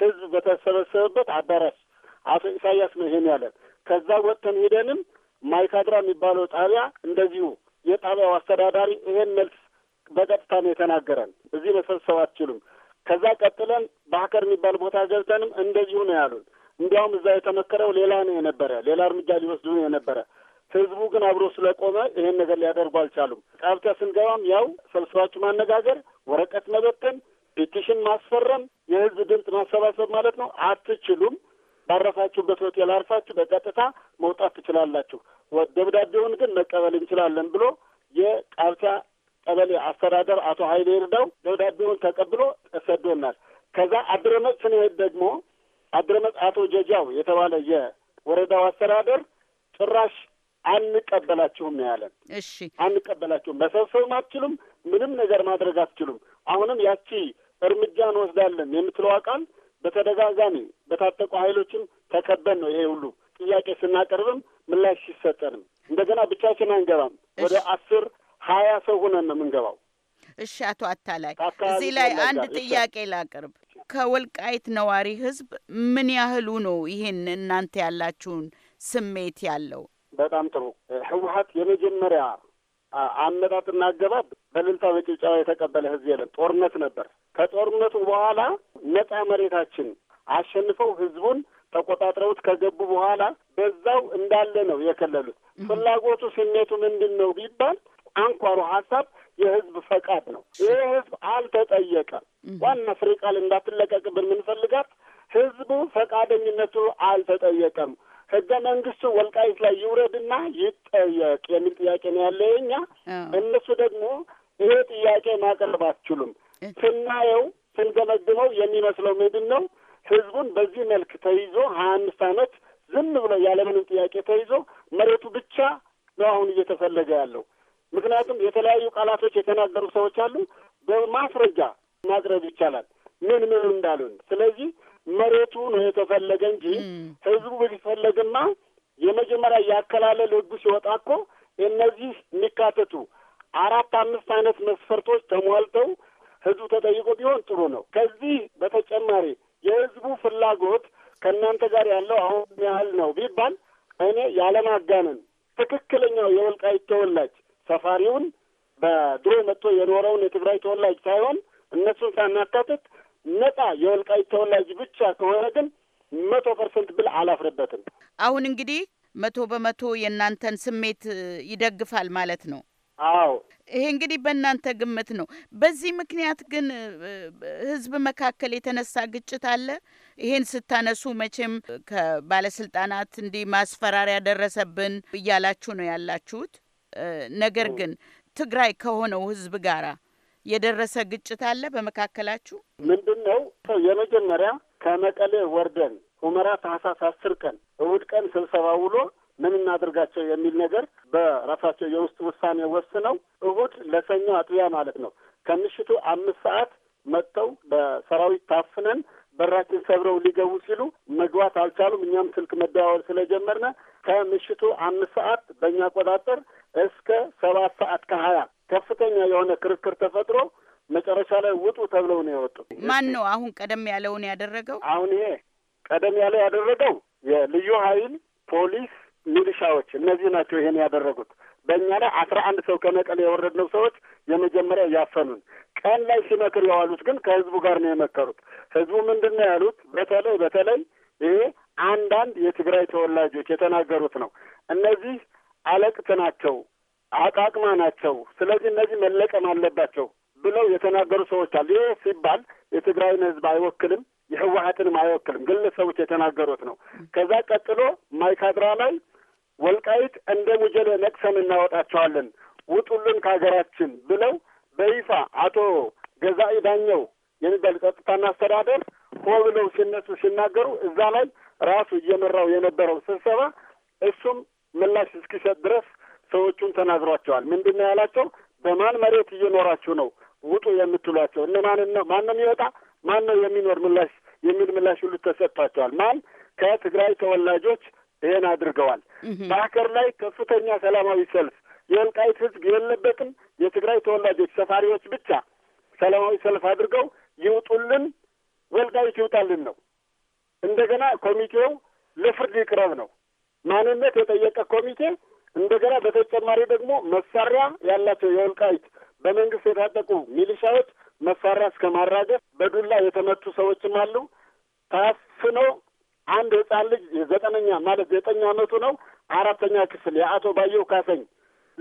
ህዝብ በተሰበሰበበት አዳራሽ አቶ ኢሳያስ ነው ይሄን ያለን። ከዛ ወጥተን ሄደንም ማይካድራ የሚባለው ጣቢያ እንደዚሁ የጣቢያው አስተዳዳሪ ይሄን መልስ በቀጥታ ነው የተናገረን። እዚህ መሰብሰብ አትችሉም። ከዛ ቀጥለን በሀከር የሚባል ቦታ ገብተንም እንደዚሁ ነው ያሉን። እንዲያውም እዛ የተመከረው ሌላ ነው የነበረ፣ ሌላ እርምጃ ሊወስዱ ነው የነበረ። ህዝቡ ግን አብሮ ስለቆመ ይሄን ነገር ሊያደርጉ አልቻሉም። ቃብቲያ ስንገባም ያው ሰብሰባችሁ ማነጋገር ወረቀት መበተን፣ ፒቲሽን ማስፈረም፣ የህዝብ ድምፅ ማሰባሰብ ማለት ነው አትችሉም። ባረፋችሁበት ሆቴል አርፋችሁ በቀጥታ መውጣት ትችላላችሁ። ደብዳቤውን ግን መቀበል እንችላለን ብሎ የቃብቻ ቀበሌ አስተዳደር አቶ ኃይሌ ይርዳው ደብዳቤውን ተቀብሎ ሰዶናል። ከዛ አድረመጽ ስንሄድ ደግሞ አድረመጽ አቶ ጀጃው የተባለ የወረዳው አስተዳደር ጭራሽ አንቀበላችሁም ያለን። እሺ አንቀበላችሁም፣ መሰብሰብም አትችሉም፣ ምንም ነገር ማድረግ አትችሉም። አሁንም ያቺ እርምጃ እንወስዳለን የምትለው አቃል በተደጋጋሚ በታጠቁ ኃይሎችም ተከበን ነው ይሄ ሁሉ ጥያቄ ስናቀርብም ምላሽ ሲሰጠንም እንደገና ብቻችን አንገባም። ወደ አስር ሀያ ሰው ሆነን ነው የምንገባው። እሺ አቶ አታላይ እዚህ ላይ አንድ ጥያቄ ላቅርብ። ከወልቃይት ነዋሪ ህዝብ ምን ያህሉ ነው ይህን እናንተ ያላችሁን ስሜት ያለው? በጣም ጥሩ። ህወሀት የመጀመሪያ አመጣጥና አገባብ በልልታ በጭብጨባ የተቀበለ ህዝብ የለም። ጦርነት ነበር። ከጦርነቱ በኋላ ነጻ መሬታችን አሸንፈው ህዝቡን ተቆጣጥረውት ከገቡ በኋላ በዛው እንዳለ ነው የከለሉት። ፍላጎቱ ስሜቱ ምንድን ነው ቢባል አንኳሩ ሀሳብ የህዝብ ፈቃድ ነው። ይህ ህዝብ አልተጠየቀም። ዋና ፍሬ ቃል እንዳትለቀቅብን የምንፈልጋት ህዝቡ ፈቃደኝነቱ አልተጠየቀም። ህገ መንግስቱ ወልቃይት ላይ ይውረድና ይጠየቅ የሚል ጥያቄ ነው ያለ የኛ። እነሱ ደግሞ ይሄ ጥያቄ ማቅረብ አትችሉም። ስናየው ስንገመግመው የሚመስለው ምንድን ነው? ህዝቡን በዚህ መልክ ተይዞ ሀያ አምስት አመት ዝም ብሎ ያለምንም ጥያቄ ተይዞ መሬቱ ብቻ ነው አሁን እየተፈለገ ያለው። ምክንያቱም የተለያዩ ቃላቶች የተናገሩ ሰዎች አሉ። በማስረጃ ማቅረብ ይቻላል ምን ምን እንዳሉን። ስለዚህ መሬቱ ነው የተፈለገ እንጂ ህዝቡ ቢፈለግማ የመጀመሪያ ያከላለል ህጉ ሲወጣ እኮ እነዚህ የሚካተቱ አራት አምስት አይነት መስፈርቶች ተሟልተው ህዝቡ ተጠይቆ ቢሆን ጥሩ ነው። ከዚህ በተጨማሪ የህዝቡ ፍላጎት ከእናንተ ጋር ያለው አሁን ያህል ነው ቢባል እኔ ያለማጋነን ትክክለኛው የወልቃይት ተወላጅ ሰፋሪውን በድሮ መጥቶ የኖረውን የትግራይ ተወላጅ ሳይሆን እነሱን ሳናካትት ነጻ የወልቃይት ተወላጅ ብቻ ከሆነ ግን መቶ ፐርሰንት ብል አላፍርበትም። አሁን እንግዲህ መቶ በመቶ የእናንተን ስሜት ይደግፋል ማለት ነው? አዎ። ይሄ እንግዲህ በእናንተ ግምት ነው። በዚህ ምክንያት ግን ህዝብ መካከል የተነሳ ግጭት አለ። ይሄን ስታነሱ መቼም ከባለስልጣናት እንዲህ ማስፈራሪያ ደረሰብን እያላችሁ ነው ያላችሁት። ነገር ግን ትግራይ ከሆነው ህዝብ ጋራ የደረሰ ግጭት አለ በመካከላችሁ? ምንድን ነው የመጀመሪያ ከመቀሌ ወርደን ሁመራ ታህሳስ አስር ቀን እሑድ ቀን ስብሰባ ውሎ ምን እናድርጋቸው የሚል ነገር በራሳቸው የውስጥ ውሳኔ ወስነው እሁድ ለሰኞ አጥቢያ ማለት ነው ከምሽቱ አምስት ሰዓት መጥተው በሰራዊት ታፍነን በራችን ሰብረው ሊገቡ ሲሉ መግባት አልቻሉም። እኛም ስልክ መደዋወል ስለጀመርነ ከምሽቱ አምስት ሰዓት በእኛ አቆጣጠር እስከ ሰባት ሰዓት ከሀያ ከፍተኛ የሆነ ክርክር ተፈጥሮ መጨረሻ ላይ ውጡ ተብለው ነው የወጡት። ማን ነው አሁን ቀደም ያለውን ያደረገው? አሁን ይሄ ቀደም ያለው ያደረገው የልዩ ኃይል ፖሊስ፣ ሚሊሻዎች እነዚህ ናቸው ይሄን ያደረጉት። በእኛ ላይ አስራ አንድ ሰው ከመቀሌ የወረድነው ሰዎች የመጀመሪያ ያፈኑን። ቀን ላይ ሲመክር የዋሉት ግን ከህዝቡ ጋር ነው የመከሩት። ህዝቡ ምንድን ነው ያሉት? በተለይ በተለይ ይሄ አንዳንድ የትግራይ ተወላጆች የተናገሩት ነው። እነዚህ አለቅት ናቸው አቃቅማ ናቸው። ስለዚህ እነዚህ መለቀም አለባቸው ብለው የተናገሩ ሰዎች አሉ። ይህ ሲባል የትግራይን ህዝብ አይወክልም፣ የህወሀትንም አይወክልም። ግለሰቦች የተናገሩት ነው። ከዛ ቀጥሎ ማይካድራ ላይ ወልቃይት እንደ ሙጀሌ ነቅሰን እናወጣቸዋለን፣ ውጡልን ከሀገራችን ብለው በይፋ አቶ ገዛኢ ዳኘው የሚባል ጸጥታና አስተዳደር ሆ ብለው ሲነሱ ሲናገሩ እዛ ላይ ራሱ እየመራው የነበረው ስብሰባ እሱም ምላሽ እስኪሰጥ ድረስ ሰዎቹን ተናግሯቸዋል። ምንድን ነው ያላቸው? በማን መሬት እየኖራችሁ ነው ውጡ የምትሏቸው? እነ ማን ነው ማን ነው የሚወጣ ማን ነው የሚኖር ምላሽ የሚል ምላሽ ሁሉ ተሰጥቷቸዋል። ማን ከትግራይ ተወላጆች ይህን አድርገዋል። በአከር ላይ ከፍተኛ ሰላማዊ ሰልፍ የወልቃይት ህዝብ የለበትም። የትግራይ ተወላጆች ሰፋሪዎች ብቻ ሰላማዊ ሰልፍ አድርገው ይውጡልን፣ ወልቃይት ይውጣልን ነው። እንደገና ኮሚቴው ለፍርድ ይቅረብ ነው። ማንነት የጠየቀ ኮሚቴ እንደገና በተጨማሪ ደግሞ መሳሪያ ያላቸው የወልቃይት በመንግስት የታጠቁ ሚሊሻዎች መሳሪያ እስከ ማራገፍ በዱላ የተመቱ ሰዎችም አሉ። ታፍነው አንድ ህጻን ልጅ ዘጠነኛ ማለት ዘጠኝ አመቱ ነው አራተኛ ክፍል የአቶ ባየው ካሰኝ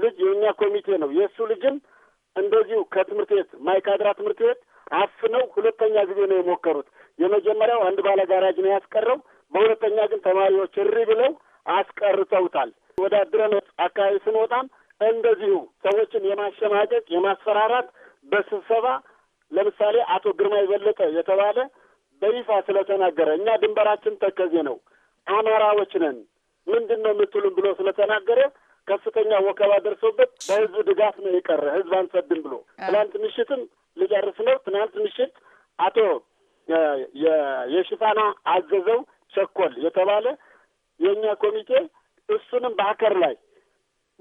ልጅ የእኛ ኮሚቴ ነው። የእሱ ልጅም እንደዚሁ ከትምህርት ቤት ማይካድራ ትምህርት ቤት አፍነው ሁለተኛ ጊዜ ነው የሞከሩት። የመጀመሪያው አንድ ባለ ጋራጅ ነው ያስቀረው። በሁለተኛ ግን ተማሪዎች እሪ ብለው አስቀርተውታል። ወደ አካባቢ ስንወጣም እንደዚሁ ሰዎችን የማሸማቀቅ የማስፈራራት በስብሰባ ለምሳሌ አቶ ግርማ የበለጠ የተባለ በይፋ ስለተናገረ እኛ ድንበራችን ተከዜ ነው፣ አማራዎች ነን ምንድን ነው የምትሉን ብሎ ስለተናገረ ከፍተኛ ወከባ ደርሶበት በህዝብ ድጋፍ ነው የቀረ። ህዝብ አንሰድም ብሎ ትናንት ምሽትም ልጨርስ ነው። ትናንት ምሽት አቶ የሽፋና አዘዘው ቸኮል የተባለ የእኛ ኮሚቴ እሱንም በሀከር ላይ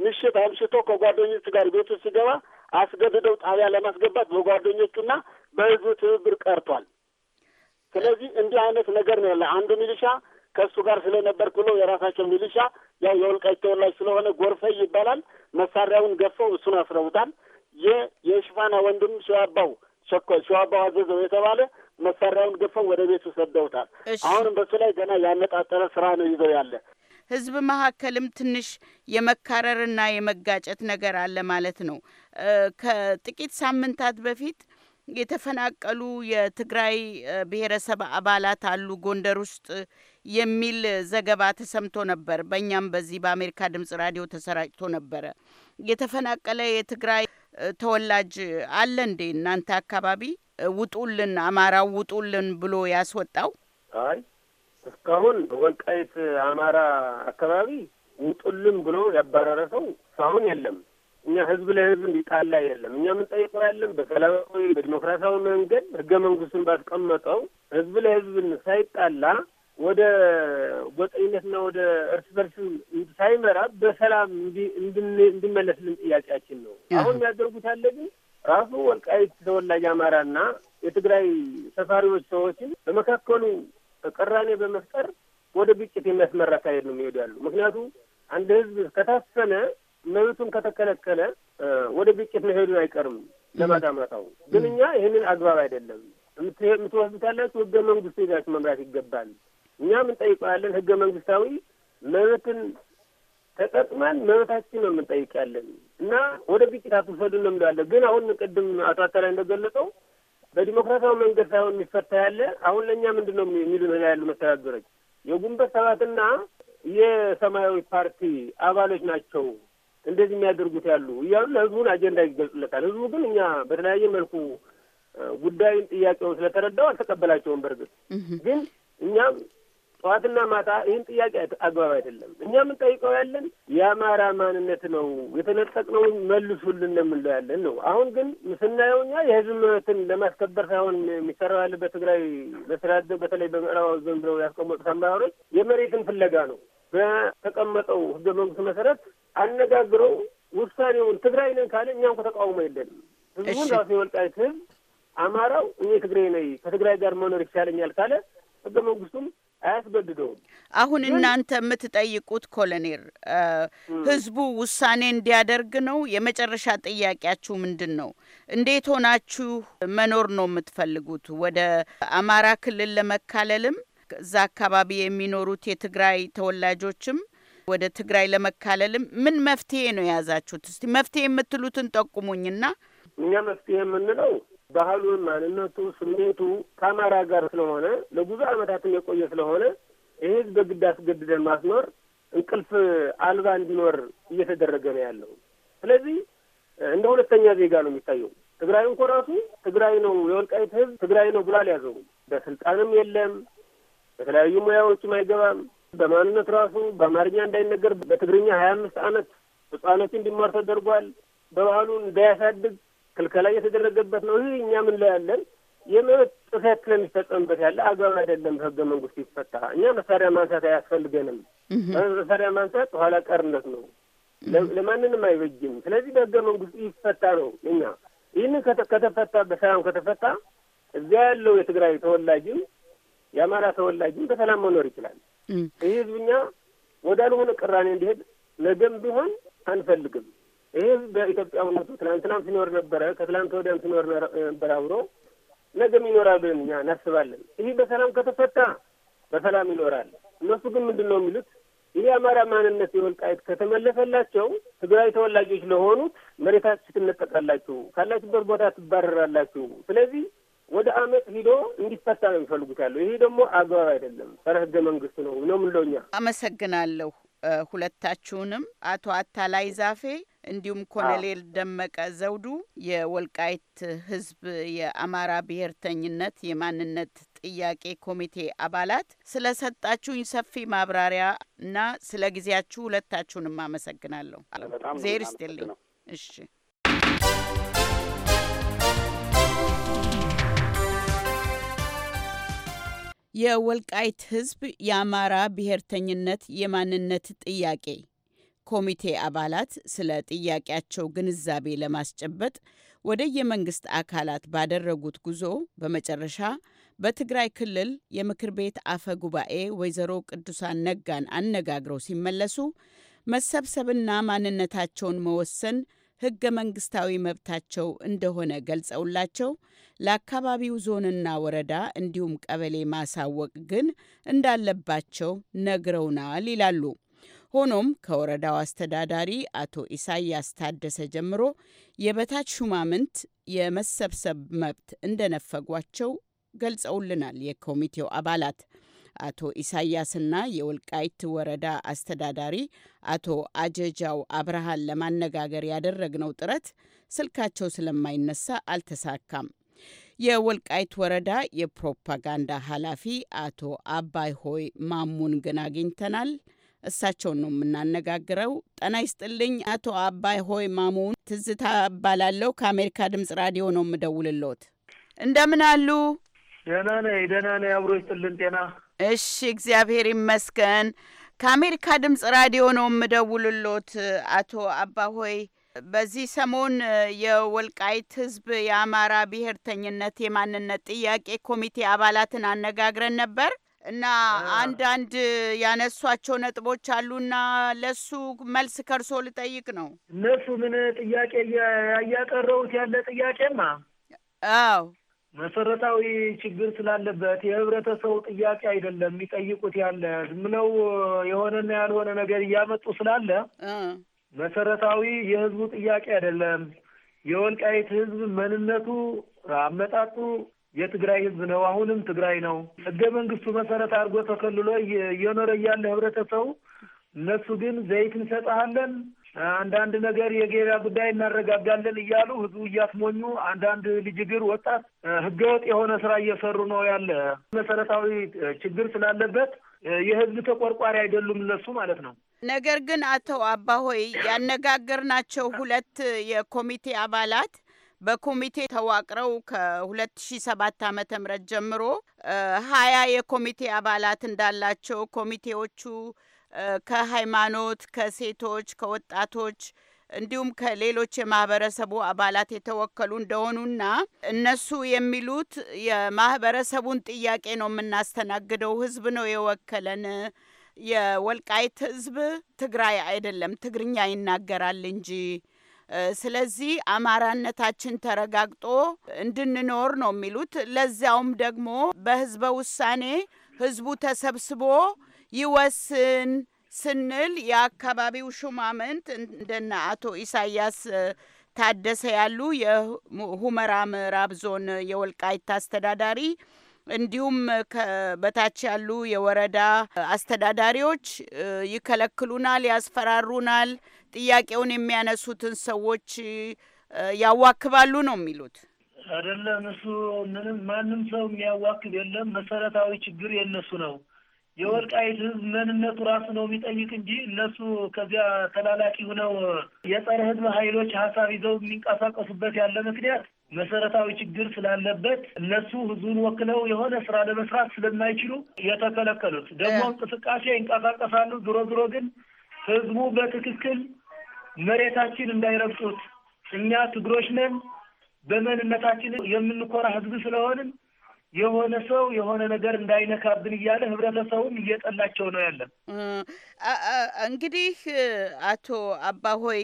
ምሽት አምሽቶ ከጓደኞቹ ጋር ቤቱ ሲገባ አስገድደው ጣቢያ ለማስገባት በጓደኞቹና በህዝቡ ትብብር ቀርቷል። ስለዚህ እንዲህ አይነት ነገር ነው ያለ። አንዱ ሚሊሻ ከእሱ ጋር ስለነበርክ ብሎ የራሳቸው ሚሊሻ ያው የወልቃይት ተወላጅ ስለሆነ ጎርፈይ ይባላል መሳሪያውን ገፈው እሱን አስረውታል። የሽፋና ወንድም ሸዋባው ሸዋባው አዘዘው የተባለ መሳሪያውን ገፈው ወደ ቤቱ ሰደውታል። አሁንም በሱ ላይ ገና ያነጣጠረ ስራ ነው ይዘው ያለ ህዝብ መካከልም ትንሽ የመካረርና የመጋጨት ነገር አለ ማለት ነው። ከጥቂት ሳምንታት በፊት የተፈናቀሉ የትግራይ ብሔረሰብ አባላት አሉ ጎንደር ውስጥ የሚል ዘገባ ተሰምቶ ነበር። በእኛም በዚህ በአሜሪካ ድምጽ ራዲዮ ተሰራጭቶ ነበረ። የተፈናቀለ የትግራይ ተወላጅ አለ እንዴ እናንተ አካባቢ? ውጡልን፣ አማራው ውጡልን ብሎ ያስወጣው አይ እስካሁን ወልቃይት አማራ አካባቢ ውጡልን ብሎ ያባረረ ሰው እስካሁን የለም። እኛ ህዝብ ለህዝብ እንዲጣላ የለም። እኛ የምንጠይቀው ያለን በሰላማዊ በዲሞክራሲያዊ መንገድ ህገ መንግስቱን ባስቀመጠው ህዝብ ለህዝብን ሳይጣላ ወደ ጎጠኝነትና ወደ እርስ በርስ ሳይመራ በሰላም እንድመለስልን ጥያቄያችን ነው። አሁን የሚያደርጉት ያለ ግን ራሱ ወልቃይት ተወላጅ አማራና የትግራይ ሰፋሪዎች ሰዎችን በመካከሉ ቅራኔ በመፍጠር ወደ ግጭት የሚያስመራ አካሄድ ነው የሚሄዱ ያሉ። ምክንያቱም አንድ ህዝብ ከታፈነ መብቱን ከተከለከለ ወደ ግጭት መሄዱን አይቀርም ለማዳመጣው። ግን እኛ ይህንን አግባብ አይደለም የምትወስዱታላችሁ ህገ መንግስቱ ይዛችሁ መምራት ይገባል። እኛ የምንጠይቀው ያለን ህገ መንግስታዊ መብትን ተጠቅመን መብታችን ነው የምንጠይቅ ያለን እና ወደ ግጭት አትውሰዱ ነው እንለዋለን። ግን አሁን ቅድም አቶ አታላይ እንደገለጸው በዲሞክራሲያዊ መንገድ ሳይሆን የሚፈታ ያለ አሁን ለእኛ ምንድን ነው የሚሉን ያሉ መስተዳድሮች የጉንበት ሰባትና የሰማያዊ ፓርቲ አባሎች ናቸው እንደዚህ የሚያደርጉት ያሉ እያሉ ለህዝቡን አጀንዳ ይገልጹለታል። ህዝቡ ግን እኛ በተለያየ መልኩ ጉዳዩን ጥያቄውን ስለተረዳው አልተቀበላቸውም። በእርግጥ ግን እኛም ጠዋትና ማታ ይህን ጥያቄ አግባብ አይደለም። እኛ የምንጠይቀው ያለን የአማራ ማንነት ነው። የተነጠቅነውን መልሱልን ነው የምንለው ያለን ነው። አሁን ግን ስናየው እኛ የህዝብ መብትን ለማስከበር ሳይሆን የሚሰራው ያለ በትግራይ በስራደ በተለይ በምዕራባዊ ዞን ብለው ያስቀመጡት አመራሮች የመሬትን ፍለጋ ነው። በተቀመጠው ህገ መንግስት መሰረት አነጋግረው ውሳኔውን ትግራይ ነን ካለ እኛ እንኳ ተቃውሞ የለንም። ህዝቡን ራሱ የወልቃይት ህዝብ አማራው እኔ ትግራይ ነኝ ከትግራይ ጋር መኖር ይቻለኛል ካለ ህገ መንግስቱም አያስገድደውም። አሁን እናንተ የምትጠይቁት ኮሎኔል፣ ህዝቡ ውሳኔ እንዲያደርግ ነው። የመጨረሻ ጥያቄያችሁ ምንድን ነው? እንዴት ሆናችሁ መኖር ነው የምትፈልጉት? ወደ አማራ ክልል ለመካለልም እዛ አካባቢ የሚኖሩት የትግራይ ተወላጆችም ወደ ትግራይ ለመካለልም ምን መፍትሄ ነው የያዛችሁት? እስቲ መፍትሄ የምትሉትን ጠቁሙኝና እኛ መፍትሄ የምንለው ባህሉ፣ ማንነቱ፣ ስሜቱ ከአማራ ጋር ስለሆነ ለብዙ ዓመታትም የቆየ ስለሆነ ይህ ህዝብ በግድ አስገድደን ማስኖር እንቅልፍ አልባ እንዲኖር እየተደረገ ነው ያለው። ስለዚህ እንደ ሁለተኛ ዜጋ ነው የሚታየው። ትግራይ እንኮ ራሱ ትግራይ ነው የወልቃይት ህዝብ ትግራይ ነው ብሎ አልያዘው። በስልጣንም የለም በተለያዩ ሙያዎችም አይገባም። በማንነት ራሱ በአማርኛ እንዳይነገር በትግርኛ ሀያ አምስት አመት ህጻኖች እንዲማር ተደርጓል። በባህሉ እንዳያሳድግ ክልከላ እየተደረገበት ነው። ይህ እኛ ምን ላይ ያለን የመብት ጥሰት ስለሚፈጸምበት ያለ አግባብ አይደለም። በህገ መንግስቱ ይፈታ። እኛ መሳሪያ ማንሳት አያስፈልገንም። መሳሪያ ማንሳት ኋላ ቀርነት ነው፣ ለማንንም አይበጅም። ስለዚህ በህገ መንግስቱ ይፈታ ነው። እኛ ይህንን ከተፈታ በሰላም ከተፈታ እዚያ ያለው የትግራይ ተወላጅም የአማራ ተወላጅም በሰላም መኖር ይችላል። ይህ ህዝብኛ ወዳልሆነ ቅራኔ እንዲሄድ ነገም ቢሆን አንፈልግም። ይሄ በኢትዮጵያዊነቱ ትናንትናም ሲኖር ነበረ፣ ከትላንት ወዲያም ሲኖር ነበር አብሮ ነገም ይኖራል ብለን እኛ እናስባለን። ይህ በሰላም ከተፈታ በሰላም ይኖራል። እነሱ ግን ምንድን ነው የሚሉት? ይህ የአማራ ማንነት የወልቃይት ከተመለሰላቸው ትግራዊ ተወላጆች ለሆኑት መሬታችሁ ትነጠቃላችሁ፣ ካላችሁበት ቦታ ትባረራላችሁ። ስለዚህ ወደ አመፅ ሂዶ እንዲፈታ ነው የሚፈልጉት ያለው። ይሄ ደግሞ አግባብ አይደለም፣ ጸረ ህገ መንግስት ነው ነው ምንለው እኛ። አመሰግናለሁ ሁለታችሁንም። አቶ አታላይ ዛፌ እንዲሁም ኮሎኔል ደመቀ ዘውዱ የወልቃይት ህዝብ የአማራ ብሔርተኝነት የማንነት ጥያቄ ኮሚቴ አባላት ስለሰጣችሁኝ ሰፊ ማብራሪያ እና ስለ ጊዜያችሁ ሁለታችሁንም አመሰግናለሁ። ዜር እሺ የወልቃይት ህዝብ የአማራ ብሔርተኝነት የማንነት ጥያቄ ኮሚቴ አባላት ስለ ጥያቄያቸው ግንዛቤ ለማስጨበጥ ወደ የመንግስት አካላት ባደረጉት ጉዞ በመጨረሻ በትግራይ ክልል የምክር ቤት አፈ ጉባኤ ወይዘሮ ቅዱሳን ነጋን አነጋግረው ሲመለሱ መሰብሰብና ማንነታቸውን መወሰን ህገ መንግስታዊ መብታቸው እንደሆነ ገልጸውላቸው ለአካባቢው ዞንና ወረዳ እንዲሁም ቀበሌ ማሳወቅ ግን እንዳለባቸው ነግረውናል ይላሉ። ሆኖም ከወረዳው አስተዳዳሪ አቶ ኢሳያስ ታደሰ ጀምሮ የበታች ሹማምንት የመሰብሰብ መብት እንደነፈጓቸው ገልጸውልናል የኮሚቴው አባላት። አቶ ኢሳያስና የወልቃይት ወረዳ አስተዳዳሪ አቶ አጀጃው አብርሃን ለማነጋገር ያደረግነው ጥረት ስልካቸው ስለማይነሳ አልተሳካም። የወልቃይት ወረዳ የፕሮፓጋንዳ ኃላፊ አቶ አባይ ሆይ ማሙን ግን አግኝተናል። እሳቸውን ነው የምናነጋግረው። ጠና ይስጥልኝ አቶ አባይ ሆይ ማሙን ትዝታ እባላለሁ። ከአሜሪካ ድምጽ ራዲዮ ነው የምደውልለት። እንደምን አሉ? ደህና ነኝ፣ ደህና ነኝ። አብሮ ይስጥልን ጤና። እሺ፣ እግዚአብሔር ይመስገን። ከአሜሪካ ድምፅ ራዲዮ ነው የምደውልሎት። አቶ አባ ሆይ በዚህ ሰሞን የወልቃይት ሕዝብ የአማራ ብሔርተኝነት የማንነት ጥያቄ ኮሚቴ አባላትን አነጋግረን ነበር። እና አንዳንድ ያነሷቸው ነጥቦች አሉና ለሱ መልስ ከርሶ ልጠይቅ ነው። እነሱ ምን ጥያቄ እያቀረቡት ያለ ጥያቄማ አዎ መሰረታዊ ችግር ስላለበት የህብረተሰቡ ጥያቄ አይደለም የሚጠይቁት ያለ ዝም ብለው የሆነና ያልሆነ ነገር እያመጡ ስላለ መሰረታዊ የህዝቡ ጥያቄ አይደለም። የወልቃይት ህዝብ መንነቱ አመጣጡ፣ የትግራይ ህዝብ ነው። አሁንም ትግራይ ነው። ህገ መንግስቱ መሰረት አድርጎ ተከልሎ እየኖረ እያለ ህብረተሰቡ እነሱ ግን ዘይት እንሰጠሃለን፣ አንዳንድ ነገር የገበያ ጉዳይ እናረጋጋለን እያሉ ህዝቡ እያስሞኙ አንዳንድ ልጅ ግር ወጣት ህገወጥ የሆነ ስራ እየሰሩ ነው ያለ መሰረታዊ ችግር ስላለበት የህዝብ ተቆርቋሪ አይደሉም እነሱ ማለት ነው። ነገር ግን አቶ አባሆይ ያነጋገርናቸው ሁለት የኮሚቴ አባላት በኮሚቴ ተዋቅረው ከ2007 ዓ.ም ጀምሮ ሀያ የኮሚቴ አባላት እንዳላቸው ኮሚቴዎቹ ከሃይማኖት፣ ከሴቶች፣ ከወጣቶች እንዲሁም ከሌሎች የማህበረሰቡ አባላት የተወከሉ እንደሆኑና እነሱ የሚሉት የማህበረሰቡን ጥያቄ ነው የምናስተናግደው፣ ህዝብ ነው የወከለን የወልቃይት ህዝብ ትግራይ አይደለም፣ ትግርኛ ይናገራል እንጂ ስለዚህ አማራነታችን ተረጋግጦ እንድንኖር ነው የሚሉት። ለዚያውም ደግሞ በህዝበ ውሳኔ ህዝቡ ተሰብስቦ ይወስን ስንል የአካባቢው ሹማምንት እንደነ አቶ ኢሳያስ ታደሰ ያሉ የሁመራ ምዕራብ ዞን የወልቃይት አስተዳዳሪ እንዲሁም በታች ያሉ የወረዳ አስተዳዳሪዎች ይከለክሉናል፣ ያስፈራሩናል ጥያቄውን የሚያነሱትን ሰዎች ያዋክባሉ ነው የሚሉት። አይደለም እሱ ምንም ማንም ሰው የሚያዋክብ የለም። መሰረታዊ ችግር የእነሱ ነው። የወልቃይት ህዝብ ምንነቱ ራሱ ነው የሚጠይቅ እንጂ እነሱ ከዚያ ተላላኪ ሆነው የጸረ ህዝብ ኃይሎች ሀሳብ ይዘው የሚንቀሳቀሱበት ያለ ምክንያት መሰረታዊ ችግር ስላለበት እነሱ ህዝቡን ወክለው የሆነ ስራ ለመስራት ስለማይችሉ የተከለከሉት ደግሞ እንቅስቃሴ ይንቀሳቀሳሉ። ድሮ ድሮ ግን ህዝቡ በትክክል መሬታችን እንዳይረግጡት እኛ ትግሮች ነን። በመንነታችን የምንኮራ ህዝብ ስለሆንን የሆነ ሰው የሆነ ነገር እንዳይነካብን እያለ ህብረተሰቡም እየጠላቸው ነው ያለን። እንግዲህ አቶ አባ ሆይ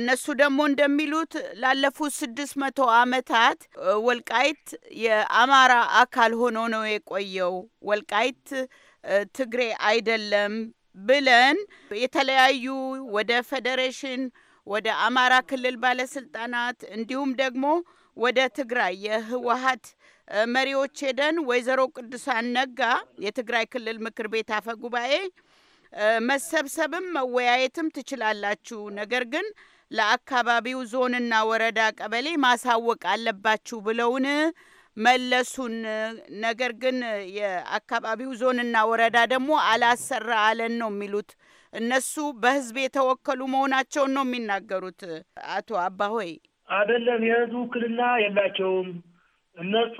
እነሱ ደግሞ እንደሚሉት ላለፉት ስድስት መቶ አመታት ወልቃይት የአማራ አካል ሆኖ ነው የቆየው። ወልቃይት ትግሬ አይደለም ብለን የተለያዩ ወደ ፌዴሬሽን ወደ አማራ ክልል ባለስልጣናት እንዲሁም ደግሞ ወደ ትግራይ የህወሀት መሪዎች ሄደን ወይዘሮ ቅዱሳን ነጋ የትግራይ ክልል ምክር ቤት አፈ ጉባኤ መሰብሰብም መወያየትም ትችላላችሁ፣ ነገር ግን ለአካባቢው ዞንና ወረዳ ቀበሌ ማሳወቅ አለባችሁ ብለውን መለሱን። ነገር ግን የአካባቢው ዞንና ወረዳ ደግሞ አላሰራ አለን ነው የሚሉት። እነሱ በህዝብ የተወከሉ መሆናቸውን ነው የሚናገሩት። አቶ አባሆይ አይደለም፣ የህዝቡ ውክልና የላቸውም። እነሱ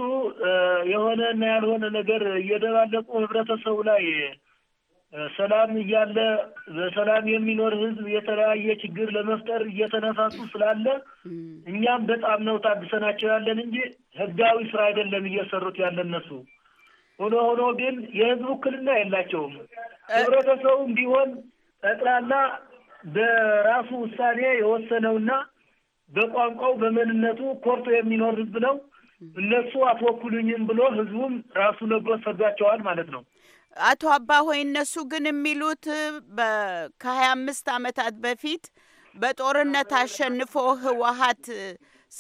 የሆነና ያልሆነ ነገር እየደባለቁ ህብረተሰቡ ላይ ሰላም እያለ በሰላም የሚኖር ህዝብ የተለያየ ችግር ለመፍጠር እየተነሳሱ ስላለ እኛም በጣም ነው ታግሰናቸው ያለን እንጂ ህጋዊ ስራ አይደለም እየሰሩት ያለ እነሱ። ሆኖ ሆኖ ግን የህዝብ ውክልና የላቸውም። ህብረተሰቡም ቢሆን ጠቅላላ በራሱ ውሳኔ የወሰነውና በቋንቋው በምንነቱ ኮርቶ የሚኖር ህዝብ ነው። እነሱ አትወክሉኝም ብሎ ህዝቡም ራሱ ነግሮ ሰዷቸዋል ማለት ነው። አቶ ሆይ እነሱ ግን የሚሉት ከሀያ አምስት ዓመታት በፊት በጦርነት አሸንፎ ህወሀት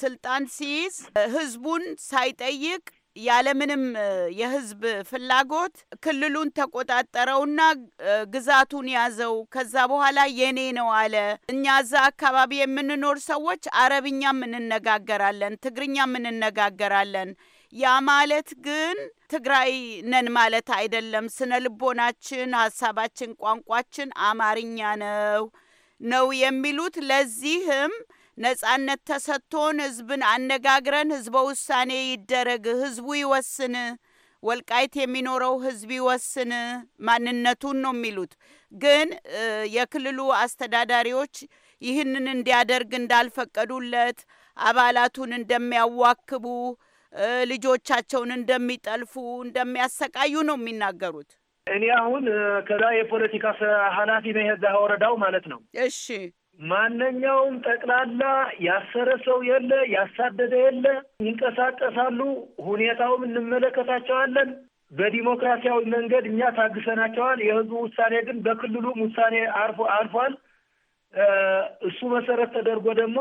ስልጣን ሲይዝ ህዝቡን ሳይጠይቅ ያለምንም የህዝብ ፍላጎት ክልሉን ተቆጣጠረውና ግዛቱን ያዘው። ከዛ በኋላ የኔ ነው አለ። እኛ እዛ አካባቢ የምንኖር ሰዎች አረብኛም እንነጋገራለን፣ ትግርኛም እንነጋገራለን ያ ማለት ግን ትግራይ ነን ማለት አይደለም። ስነ ልቦናችን፣ ሀሳባችን፣ ቋንቋችን አማርኛ ነው ነው የሚሉት። ለዚህም ነጻነት ተሰጥቶን ህዝብን አነጋግረን ህዝበ ውሳኔ ይደረግ፣ ህዝቡ ይወስን፣ ወልቃይት የሚኖረው ህዝብ ይወስን ማንነቱን ነው የሚሉት። ግን የክልሉ አስተዳዳሪዎች ይህንን እንዲያደርግ እንዳልፈቀዱለት፣ አባላቱን እንደሚያዋክቡ ልጆቻቸውን እንደሚጠልፉ እንደሚያሰቃዩ ነው የሚናገሩት። እኔ አሁን ከዛ የፖለቲካ ኃላፊ ነኝ ወረዳው ማለት ነው። እሺ ማንኛውም ጠቅላላ ያሰረ ሰው የለ፣ ያሳደደ የለ። ይንቀሳቀሳሉ። ሁኔታውም እንመለከታቸዋለን። በዲሞክራሲያዊ መንገድ እኛ ታግሰናቸዋል። የህዝቡ ውሳኔ ግን በክልሉም ውሳኔ አልፏል። እሱ መሰረት ተደርጎ ደግሞ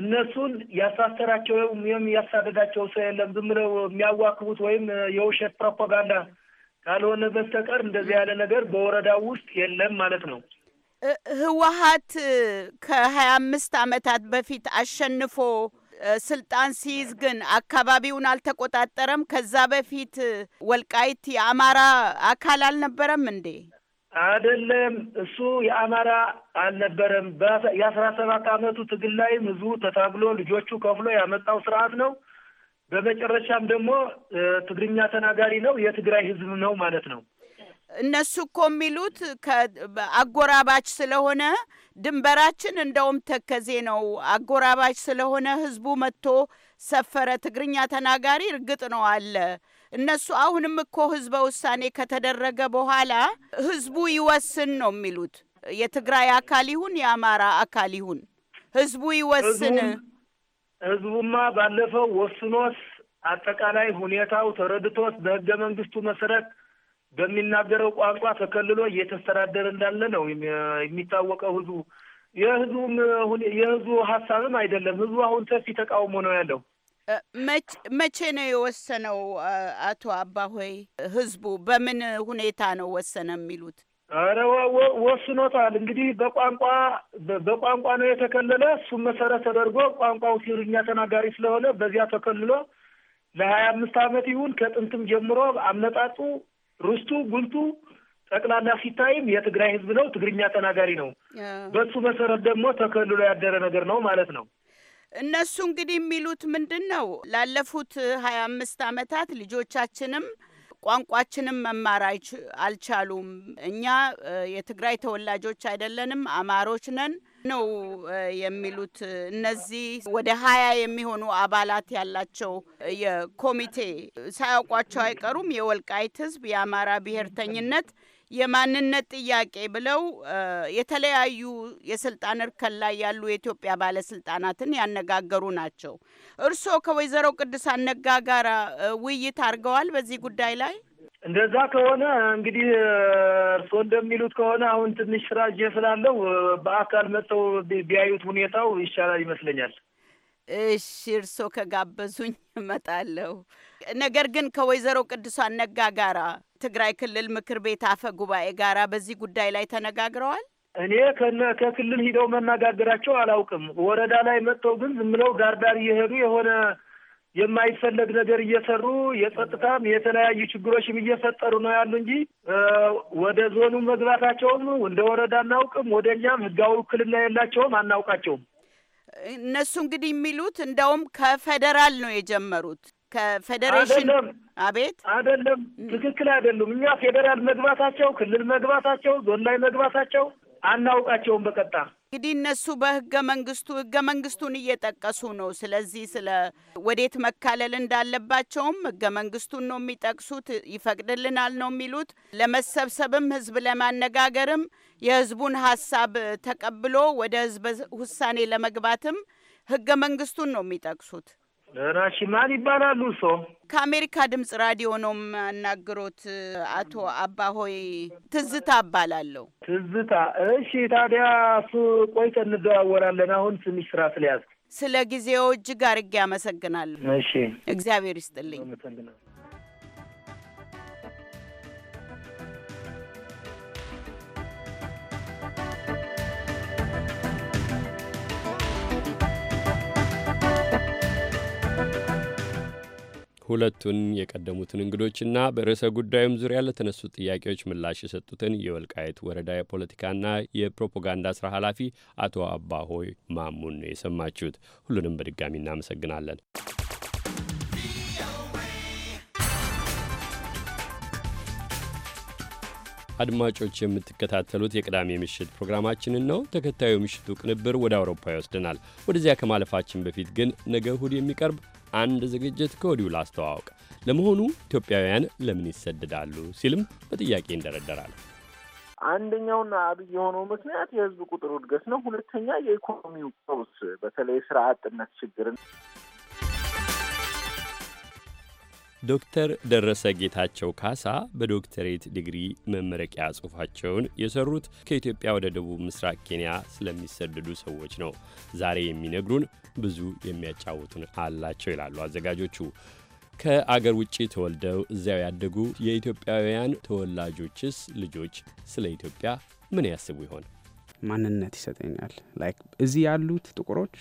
እነሱን ያሳሰራቸው ወይም ያሳደዳቸው ሰው የለም። ዝም ብለው የሚያዋክቡት ወይም የውሸት ፕሮፓጋንዳ ካልሆነ በስተቀር እንደዚህ ያለ ነገር በወረዳው ውስጥ የለም ማለት ነው። ህወሀት ከሀያ አምስት አመታት በፊት አሸንፎ ስልጣን ሲይዝ ግን አካባቢውን አልተቆጣጠረም። ከዛ በፊት ወልቃይት የአማራ አካል አልነበረም እንዴ? አይደለም እሱ የአማራ አልነበረም። የአስራ ሰባት አመቱ ትግል ላይም ህዝቡ ተታግሎ ልጆቹ ከፍሎ ያመጣው ስርዓት ነው። በመጨረሻም ደግሞ ትግርኛ ተናጋሪ ነው፣ የትግራይ ህዝብ ነው ማለት ነው። እነሱ እኮ የሚሉት አጎራባች ስለሆነ ድንበራችን እንደውም ተከዜ ነው፣ አጎራባች ስለሆነ ህዝቡ መጥቶ ሰፈረ። ትግርኛ ተናጋሪ እርግጥ ነው አለ እነሱ አሁንም እኮ ህዝበ ውሳኔ ከተደረገ በኋላ ህዝቡ ይወስን ነው የሚሉት። የትግራይ አካል ይሁን የአማራ አካል ይሁን ህዝቡ ይወስን። ህዝቡማ ባለፈው ወስኖስ አጠቃላይ ሁኔታው ተረድቶስ በህገ መንግስቱ መሰረት በሚናገረው ቋንቋ ተከልሎ እየተስተዳደረ እንዳለ ነው የሚታወቀው ህዝቡ የህዝቡም የህዝቡ ሀሳብም አይደለም። ህዝቡ አሁን ሰፊ ተቃውሞ ነው ያለው። መቼ ነው የወሰነው? አቶ አባሆይ ህዝቡ በምን ሁኔታ ነው ወሰነ የሚሉት? አረ ወስኖታል። እንግዲህ በቋንቋ በቋንቋ ነው የተከለለ። እሱም መሰረት ተደርጎ ቋንቋው ሲሩኛ ተናጋሪ ስለሆነ በዚያ ተከልሎ ለሀያ አምስት አመት ይሁን ከጥንትም ጀምሮ አመጣጡ ርስቱ ጉልቱ ጠቅላላ ሲታይም የትግራይ ህዝብ ነው፣ ትግርኛ ተናጋሪ ነው። በሱ መሰረት ደግሞ ተከልሎ ያደረ ነገር ነው ማለት ነው። እነሱ እንግዲህ የሚሉት ምንድን ነው? ላለፉት ሀያ አምስት አመታት ልጆቻችንም ቋንቋችንም መማር አልቻሉም። እኛ የትግራይ ተወላጆች አይደለንም፣ አማሮች ነን ነው የሚሉት። እነዚህ ወደ ሀያ የሚሆኑ አባላት ያላቸው የኮሚቴ ሳያውቋቸው አይቀሩም። የወልቃይት ህዝብ የአማራ ብሔርተኝነት የማንነት ጥያቄ ብለው የተለያዩ የስልጣን እርከን ላይ ያሉ የኢትዮጵያ ባለስልጣናትን ያነጋገሩ ናቸው። እርስዎ ከወይዘሮ ቅድሳት ነጋ ጋር ውይይት አድርገዋል በዚህ ጉዳይ ላይ? እንደዛ ከሆነ እንግዲህ እርስዎ እንደሚሉት ከሆነ አሁን ትንሽ ስራ እጄ ስላለው በአካል መጥተው ቢያዩት ሁኔታው ይሻላል ይመስለኛል። እሺ፣ እርስዎ ከጋበዙኝ እመጣለሁ። ነገር ግን ከወይዘሮ ቅድሳት ነጋ ጋራ ትግራይ ክልል ምክር ቤት አፈ ጉባኤ ጋራ በዚህ ጉዳይ ላይ ተነጋግረዋል? እኔ ከነ ከክልል ሂደው መነጋገራቸው አላውቅም። ወረዳ ላይ መጥተው ግን ዝም ብለው ዳር ዳር እየሄዱ የሆነ የማይፈለግ ነገር እየሰሩ የጸጥታም የተለያዩ ችግሮችም እየፈጠሩ ነው ያሉ እንጂ ወደ ዞኑ መግባታቸውም እንደ ወረዳ አናውቅም። ወደ እኛም ህጋዊ ውክልና የላቸውም፣ አናውቃቸውም። እነሱ እንግዲህ የሚሉት እንደውም ከፌዴራል ነው የጀመሩት ከፌዴሬሽን አቤት አይደለም፣ ትክክል አይደሉም። እኛ ፌዴራል መግባታቸው፣ ክልል መግባታቸው፣ ዞን ላይ መግባታቸው አናውቃቸውም። በቀጣ እንግዲህ እነሱ በህገ መንግስቱ ህገ መንግስቱን እየጠቀሱ ነው። ስለዚህ ስለ ወዴት መካለል እንዳለባቸውም ህገ መንግስቱን ነው የሚጠቅሱት። ይፈቅድልናል ነው የሚሉት። ለመሰብሰብም ህዝብ ለማነጋገርም የህዝቡን ሀሳብ ተቀብሎ ወደ ህዝብ ውሳኔ ለመግባትም ህገ መንግስቱን ነው የሚጠቅሱት። ራሽማን ይባላሉ ሶ ከአሜሪካ ድምጽ ራዲዮ ነው የማናግሮት። አቶ አባሆይ ትዝታ እባላለሁ። ትዝታ። እሺ። ታዲያ እሱ ቆይተ እንደዋወራለን። አሁን ትንሽ ስራ ስለያዝኩ ስለ ጊዜው እጅግ አድርጌ አመሰግናለሁ። እሺ። እግዚአብሔር ይስጥልኝ። ሁለቱን የቀደሙትን እንግዶችና በርዕሰ ጉዳዩም ዙሪያ ለተነሱ ጥያቄዎች ምላሽ የሰጡትን የወልቃየት ወረዳ የፖለቲካና የፕሮፓጋንዳ ስራ ኃላፊ አቶ አባሆይ ማሙን ነው የሰማችሁት። ሁሉንም በድጋሚ እናመሰግናለን። አድማጮች የምትከታተሉት የቅዳሜ ምሽት ፕሮግራማችንን ነው። ተከታዩ ምሽቱ ቅንብር ወደ አውሮፓ ይወስደናል። ወደዚያ ከማለፋችን በፊት ግን ነገ እሁድ የሚቀርብ አንድ ዝግጅት ከወዲሁ ላስተዋወቅ። ለመሆኑ ኢትዮጵያውያን ለምን ይሰደዳሉ ሲልም በጥያቄ ይንደረደራል። አንደኛውና አብይ የሆነው ምክንያት የህዝብ ቁጥር እድገት ነው። ሁለተኛ የኢኮኖሚው ቀውስ፣ በተለይ ስራ አጥነት ችግርን ዶክተር ደረሰ ጌታቸው ካሳ በዶክተሬት ዲግሪ መመረቂያ ጽሑፋቸውን የሰሩት ከኢትዮጵያ ወደ ደቡብ ምስራቅ ኬንያ ስለሚሰደዱ ሰዎች ነው። ዛሬ የሚነግሩን ብዙ የሚያጫውቱን አላቸው ይላሉ አዘጋጆቹ። ከአገር ውጭ ተወልደው እዚያው ያደጉ የኢትዮጵያውያን ተወላጆችስ ልጆች ስለ ኢትዮጵያ ምን ያስቡ ይሆን? ማንነት ይሰጠኛል። ላይክ እዚህ ያሉት ጥቁሮቹ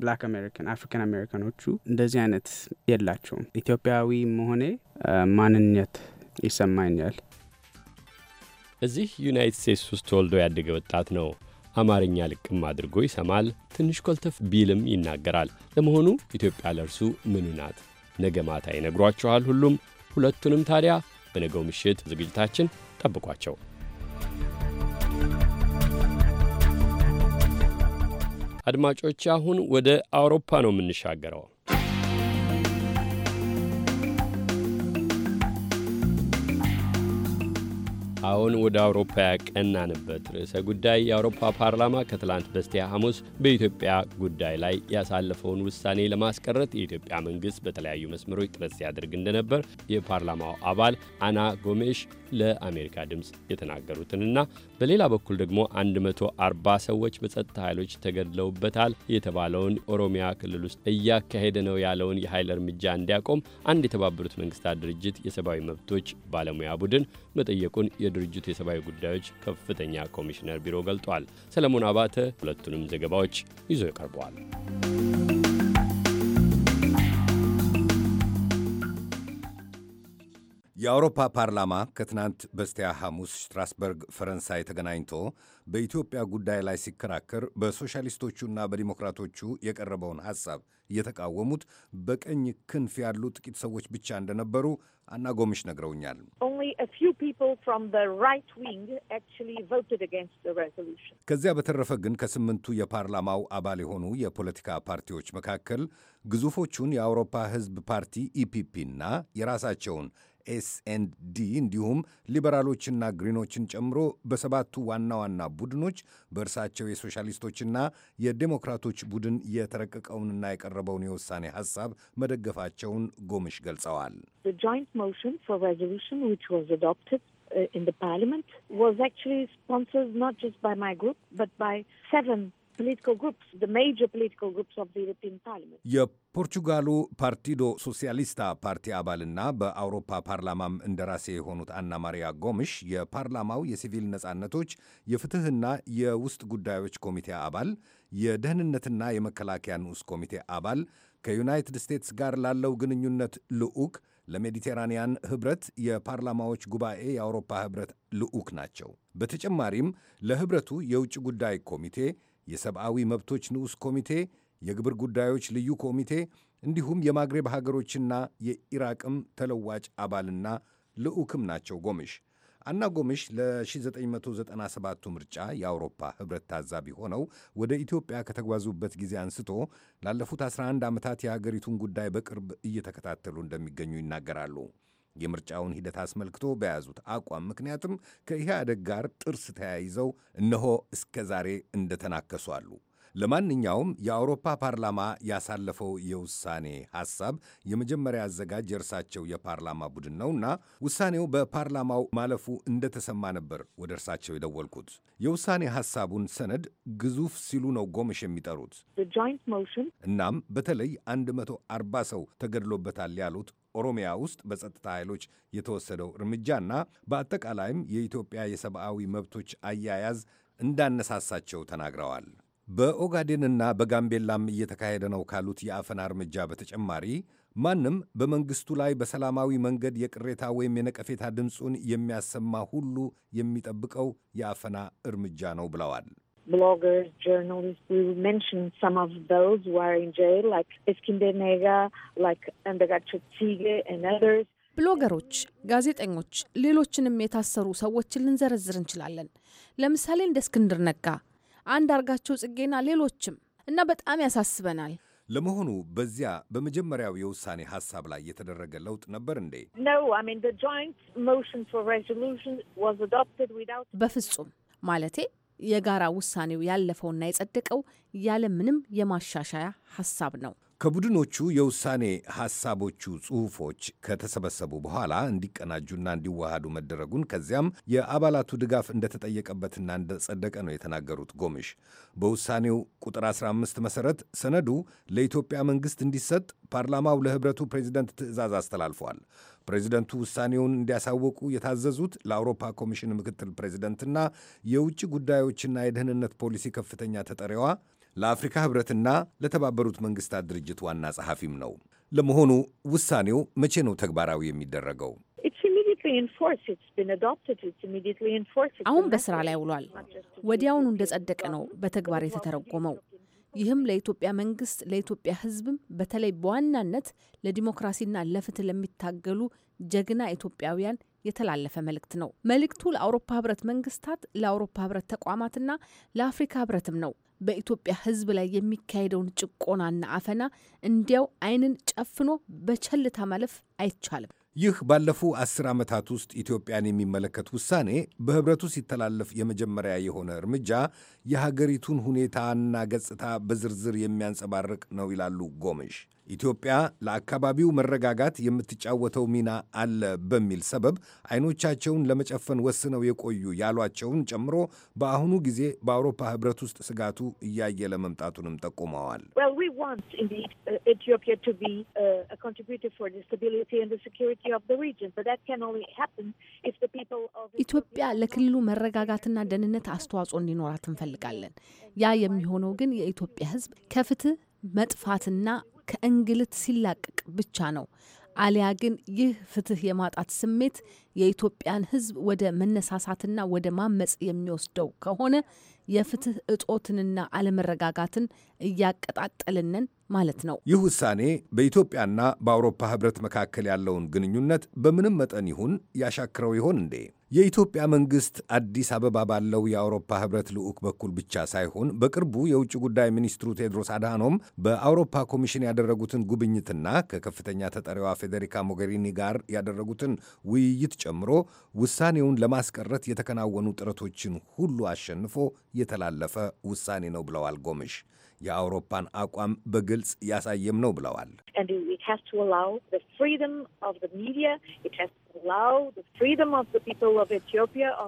ብላክ አሜሪካን አፍሪካን አሜሪካኖቹ እንደዚህ አይነት የላቸውም። ኢትዮጵያዊ መሆኔ ማንነት ይሰማኛል። እዚህ ዩናይት ስቴትስ ውስጥ ተወልዶ ያደገ ወጣት ነው አማርኛ ልቅም አድርጎ ይሰማል። ትንሽ ኮልተፍ ቢልም ይናገራል። ለመሆኑ ኢትዮጵያ ለእርሱ ምኑ ናት? ነገ ማታ ይነግሯችኋል። ሁሉም ሁለቱንም ታዲያ በነገው ምሽት ዝግጅታችን ጠብቋቸው። አድማጮች፣ አሁን ወደ አውሮፓ ነው የምንሻገረው። አሁን ወደ አውሮፓ ያቀናንበት ርዕሰ ጉዳይ የአውሮፓ ፓርላማ ከትላንት በስቲያ ሐሙስ በኢትዮጵያ ጉዳይ ላይ ያሳለፈውን ውሳኔ ለማስቀረት የኢትዮጵያ መንግሥት በተለያዩ መስመሮች ጥረት ሲያደርግ እንደነበር የፓርላማው አባል አና ጎሜሽ ለአሜሪካ ድምፅ የተናገሩትንና በሌላ በኩል ደግሞ 140 ሰዎች በጸጥታ ኃይሎች ተገድለውበታል የተባለውን ኦሮሚያ ክልል ውስጥ እያካሄደ ነው ያለውን የኃይል እርምጃ እንዲያቆም አንድ የተባበሩት መንግስታት ድርጅት የሰብአዊ መብቶች ባለሙያ ቡድን መጠየቁን የድርጅቱ የሰብአዊ ጉዳዮች ከፍተኛ ኮሚሽነር ቢሮ ገልጧል። ሰለሞን አባተ ሁለቱንም ዘገባዎች ይዞ ይቀርበዋል። የአውሮፓ ፓርላማ ከትናንት በስቲያ ሐሙስ ስትራስበርግ ፈረንሳይ ተገናኝቶ በኢትዮጵያ ጉዳይ ላይ ሲከራከር በሶሻሊስቶቹና በዲሞክራቶቹ የቀረበውን ሐሳብ እየተቃወሙት በቀኝ ክንፍ ያሉ ጥቂት ሰዎች ብቻ እንደነበሩ አና ጎምሽ ነግረውኛል። ከዚያ በተረፈ ግን ከስምንቱ የፓርላማው አባል የሆኑ የፖለቲካ ፓርቲዎች መካከል ግዙፎቹን የአውሮፓ ሕዝብ ፓርቲ ኢፒፒና የራሳቸውን ኤስኤንዲ እንዲሁም ሊበራሎችና ግሪኖችን ጨምሮ በሰባቱ ዋና ዋና ቡድኖች በእርሳቸው የሶሻሊስቶችና የዴሞክራቶች ቡድን የተረቀቀውንና የቀረበውን የውሳኔ ሀሳብ መደገፋቸውን ጎምሽ ገልጸዋል። ሰን የፖርቹጋሉ ፓርቲዶ ሶሲያሊስታ ፓርቲ አባልና በአውሮፓ ፓርላማም እንደራሴ የሆኑት አና ማሪያ ጎምሽ የፓርላማው የሲቪል ነጻነቶች የፍትህና የውስጥ ጉዳዮች ኮሚቴ አባል፣ የደህንነትና የመከላከያ ንዑስ ኮሚቴ አባል፣ ከዩናይትድ ስቴትስ ጋር ላለው ግንኙነት ልዑክ ለሜዲቴራንያን ህብረት የፓርላማዎች ጉባኤ የአውሮፓ ህብረት ልዑክ ናቸው። በተጨማሪም ለህብረቱ የውጭ ጉዳይ ኮሚቴ የሰብአዊ መብቶች ንዑስ ኮሚቴ፣ የግብር ጉዳዮች ልዩ ኮሚቴ እንዲሁም የማግሬብ ሀገሮችና የኢራቅም ተለዋጭ አባልና ልዑክም ናቸው። ጎምሽ አና ጎምሽ ለ1997ቱ ምርጫ የአውሮፓ ህብረት ታዛቢ ሆነው ወደ ኢትዮጵያ ከተጓዙበት ጊዜ አንስቶ ላለፉት 11 ዓመታት የሀገሪቱን ጉዳይ በቅርብ እየተከታተሉ እንደሚገኙ ይናገራሉ። የምርጫውን ሂደት አስመልክቶ በያዙት አቋም ምክንያትም ከኢህአደግ ጋር ጥርስ ተያይዘው እነሆ እስከ ዛሬ እንደተናከሱ አሉ። ለማንኛውም የአውሮፓ ፓርላማ ያሳለፈው የውሳኔ ሐሳብ የመጀመሪያ አዘጋጅ የእርሳቸው የፓርላማ ቡድን ነውና ውሳኔው በፓርላማው ማለፉ እንደተሰማ ነበር ወደ እርሳቸው የደወልኩት። የውሳኔ ሐሳቡን ሰነድ ግዙፍ ሲሉ ነው ጎመሽ የሚጠሩት። እናም በተለይ 140 ሰው ተገድሎበታል ያሉት ኦሮሚያ ውስጥ በጸጥታ ኃይሎች የተወሰደው እርምጃና በአጠቃላይም የኢትዮጵያ የሰብአዊ መብቶች አያያዝ እንዳነሳሳቸው ተናግረዋል። በኦጋዴንና በጋምቤላም እየተካሄደ ነው ካሉት የአፈና እርምጃ በተጨማሪ ማንም በመንግስቱ ላይ በሰላማዊ መንገድ የቅሬታ ወይም የነቀፌታ ድምፁን የሚያሰማ ሁሉ የሚጠብቀው የአፈና እርምጃ ነው ብለዋል። bloggers, journalists. who mentioned some of those who are in jail, like Eskinder Nega, like Andegat Chotsige and others. ብሎገሮች፣ ጋዜጠኞች፣ ሌሎችንም የታሰሩ ሰዎችን ልንዘረዝር እንችላለን። ለምሳሌ እንደ እስክንድር ነጋ፣ አንድ አርጋቸው ጽጌና ሌሎችም እና በጣም ያሳስበናል። ለመሆኑ በዚያ በመጀመሪያው የውሳኔ ሀሳብ ላይ የተደረገ ለውጥ ነበር እንዴ? በፍጹም ማለቴ የጋራ ውሳኔው ያለፈውና የጸደቀው ያለምንም የማሻሻያ ሀሳብ ነው። ከቡድኖቹ የውሳኔ ሐሳቦቹ ጽሑፎች ከተሰበሰቡ በኋላ እንዲቀናጁና እንዲዋሃዱ መደረጉን ከዚያም የአባላቱ ድጋፍ እንደተጠየቀበትና እንደጸደቀ ነው የተናገሩት ጎምሽ። በውሳኔው ቁጥር 15 መሠረት ሰነዱ ለኢትዮጵያ መንግሥት እንዲሰጥ ፓርላማው ለኅብረቱ ፕሬዚደንት ትዕዛዝ አስተላልፏል። ፕሬዚደንቱ ውሳኔውን እንዲያሳወቁ የታዘዙት ለአውሮፓ ኮሚሽን ምክትል ፕሬዚደንትና የውጭ ጉዳዮችና የደህንነት ፖሊሲ ከፍተኛ ተጠሪዋ ለአፍሪካ ህብረትና ለተባበሩት መንግስታት ድርጅት ዋና ጸሐፊም ነው። ለመሆኑ ውሳኔው መቼ ነው ተግባራዊ የሚደረገው? አሁን በስራ ላይ ውሏል። ወዲያውኑ እንደጸደቀ ነው በተግባር የተተረጎመው። ይህም ለኢትዮጵያ መንግስት፣ ለኢትዮጵያ ህዝብም በተለይ በዋናነት ለዲሞክራሲና ለፍትህ ለሚታገሉ ጀግና ኢትዮጵያውያን የተላለፈ መልእክት ነው። መልእክቱ ለአውሮፓ ህብረት መንግስታት፣ ለአውሮፓ ህብረት ተቋማትና ለአፍሪካ ህብረትም ነው። በኢትዮጵያ ህዝብ ላይ የሚካሄደውን ጭቆናና አፈና እንዲያው አይንን ጨፍኖ በቸልታ ማለፍ አይቻልም። ይህ ባለፉ አስር ዓመታት ውስጥ ኢትዮጵያን የሚመለከት ውሳኔ በህብረቱ ሲተላለፍ የመጀመሪያ የሆነ እርምጃ የሀገሪቱን ሁኔታና ገጽታ በዝርዝር የሚያንጸባርቅ ነው ይላሉ ጎምሽ። ኢትዮጵያ ለአካባቢው መረጋጋት የምትጫወተው ሚና አለ በሚል ሰበብ አይኖቻቸውን ለመጨፈን ወስነው የቆዩ ያሏቸውን ጨምሮ በአሁኑ ጊዜ በአውሮፓ ሕብረት ውስጥ ስጋቱ እያየለ መምጣቱንም ጠቁመዋል። uh, uh, ኢትዮጵያ ለክልሉ መረጋጋትና ደህንነት አስተዋጽኦ እንዲኖራት እንፈልጋለን። ያ የሚሆነው ግን የኢትዮጵያ ሕዝብ ከፍትህ መጥፋትና ከእንግልት ሲላቀቅ ብቻ ነው። አሊያ ግን ይህ ፍትህ የማጣት ስሜት የኢትዮጵያን ሕዝብ ወደ መነሳሳትና ወደ ማመፅ የሚወስደው ከሆነ የፍትህ እጦትንና አለመረጋጋትን እያቀጣጠልንን ማለት ነው። ይህ ውሳኔ በኢትዮጵያና በአውሮፓ ህብረት መካከል ያለውን ግንኙነት በምንም መጠን ይሁን ያሻክረው ይሆን እንዴ? የኢትዮጵያ መንግስት አዲስ አበባ ባለው የአውሮፓ ህብረት ልዑክ በኩል ብቻ ሳይሆን በቅርቡ የውጭ ጉዳይ ሚኒስትሩ ቴድሮስ አድሃኖም በአውሮፓ ኮሚሽን ያደረጉትን ጉብኝትና ከከፍተኛ ተጠሪዋ ፌዴሪካ ሞገሪኒ ጋር ያደረጉትን ውይይት ጨምሮ ውሳኔውን ለማስቀረት የተከናወኑ ጥረቶችን ሁሉ አሸንፎ የተላለፈ ውሳኔ ነው ብለዋል ጎምሽ። የአውሮፓን አቋም በግልጽ ያሳየም ነው ብለዋል።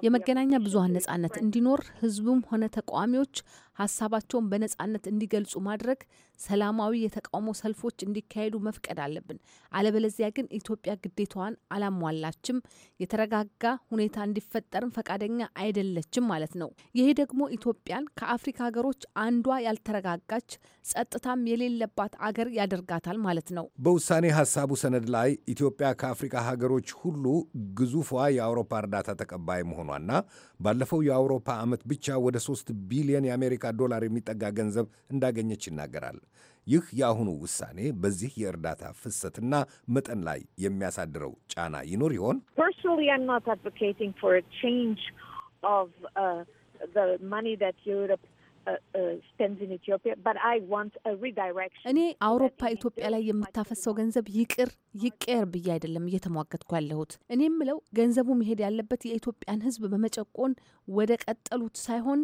የመገናኛ ብዙሀን ነጻነት እንዲኖር ህዝቡም ሆነ ተቃዋሚዎች ሀሳባቸውን በነጻነት እንዲገልጹ ማድረግ፣ ሰላማዊ የተቃውሞ ሰልፎች እንዲካሄዱ መፍቀድ አለብን። አለበለዚያ ግን ኢትዮጵያ ግዴታዋን አላሟላችም፣ የተረጋጋ ሁኔታ እንዲፈጠርም ፈቃደኛ አይደለችም ማለት ነው። ይሄ ደግሞ ኢትዮጵያን ከአፍሪካ ሀገሮች አንዷ ያልተረጋጋች ጸጥታም የሌለባት አገር ያደርጋታል ማለት ነው። በውሳኔ ሀሳቡ ሰነድ ላይ ኢትዮጵያ ከአፍሪካ ሀገሮች ሁሉ ሁሉ ግዙፏ የአውሮፓ እርዳታ ተቀባይ መሆኗና ባለፈው የአውሮፓ ዓመት ብቻ ወደ 3 ቢሊዮን የአሜሪካ ዶላር የሚጠጋ ገንዘብ እንዳገኘች ይናገራል። ይህ የአሁኑ ውሳኔ በዚህ የእርዳታ ፍሰትና መጠን ላይ የሚያሳድረው ጫና ይኖር ይሆን? Uh, uh, እኔ አውሮፓ ኢትዮጵያ ላይ የምታፈሰው ገንዘብ ይቅር ይቀየር ብዬ አይደለም እየተሟገትኩ ያለሁት። እኔ የምለው ገንዘቡ መሄድ ያለበት የኢትዮጵያን ሕዝብ በመጨቆን ወደ ቀጠሉት ሳይሆን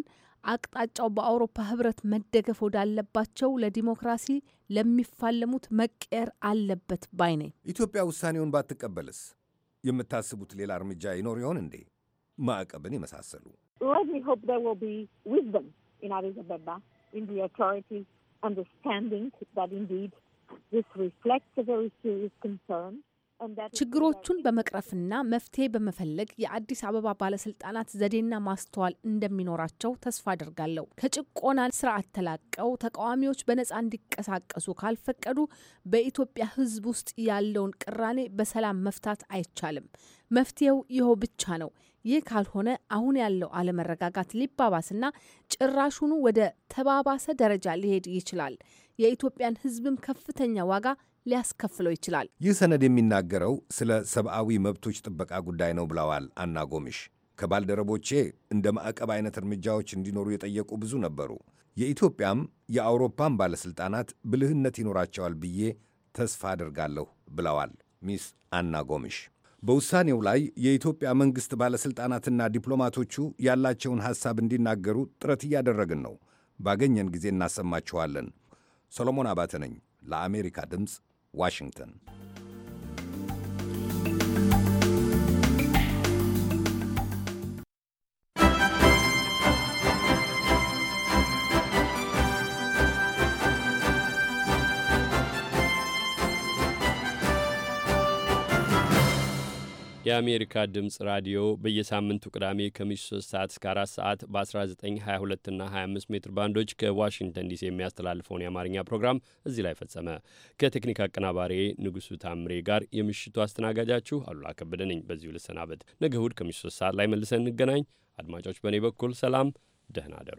አቅጣጫው በአውሮፓ ህብረት መደገፍ ወዳለባቸው ለዲሞክራሲ ለሚፋለሙት መቀየር አለበት ባይ ነኝ። ኢትዮጵያ ውሳኔውን ባትቀበልስ የምታስቡት ሌላ እርምጃ ይኖር ይሆን እንዴ? ማዕቀብን የመሳሰሉ in Addis Ababa in the authorities' understanding that indeed this reflects a very serious concern. ችግሮቹን በመቅረፍና መፍትሄ በመፈለግ የአዲስ አበባ ባለስልጣናት ዘዴና ማስተዋል እንደሚኖራቸው ተስፋ አድርጋለሁ። ከጭቆና ስርዓት ተላቀው ተቃዋሚዎች በነጻ እንዲቀሳቀሱ ካልፈቀዱ በኢትዮጵያ ሕዝብ ውስጥ ያለውን ቅራኔ በሰላም መፍታት አይቻልም። መፍትሄው ይኸው ብቻ ነው። ይህ ካልሆነ አሁን ያለው አለመረጋጋት ሊባባስና ጭራሹኑ ወደ ተባባሰ ደረጃ ሊሄድ ይችላል። የኢትዮጵያን ሕዝብም ከፍተኛ ዋጋ ሊያስከፍለው ይችላል። ይህ ሰነድ የሚናገረው ስለ ሰብአዊ መብቶች ጥበቃ ጉዳይ ነው ብለዋል አና ጎሚሽ ከባልደረቦቼ እንደ ማዕቀብ አይነት እርምጃዎች እንዲኖሩ የጠየቁ ብዙ ነበሩ። የኢትዮጵያም የአውሮፓም ባለሥልጣናት ብልህነት ይኖራቸዋል ብዬ ተስፋ አድርጋለሁ ብለዋል ሚስ አና ጎሚሽ። በውሳኔው ላይ የኢትዮጵያ መንግሥት ባለሥልጣናትና ዲፕሎማቶቹ ያላቸውን ሐሳብ እንዲናገሩ ጥረት እያደረግን ነው። ባገኘን ጊዜ እናሰማችኋለን። ሰሎሞን አባተ ነኝ ለአሜሪካ ድምፅ ዋሽንግተን። የአሜሪካ ድምፅ ራዲዮ በየሳምንቱ ቅዳሜ ከምሽቱ 3 ሰዓት እስከ 4 ሰዓት በ1922 እና 25 ሜትር ባንዶች ከዋሽንግተን ዲሲ የሚያስተላልፈውን የአማርኛ ፕሮግራም እዚህ ላይ ፈጸመ። ከቴክኒክ አቀናባሪ ንጉሱ ታምሬ ጋር የምሽቱ አስተናጋጃችሁ አሉላ ከበደ ነኝ። በዚሁ ልሰናበት። ነገ እሁድ ከምሽቱ 3 ሰዓት ላይ መልሰን እንገናኝ። አድማጮች፣ በእኔ በኩል ሰላም፣ ደህና አደሩ።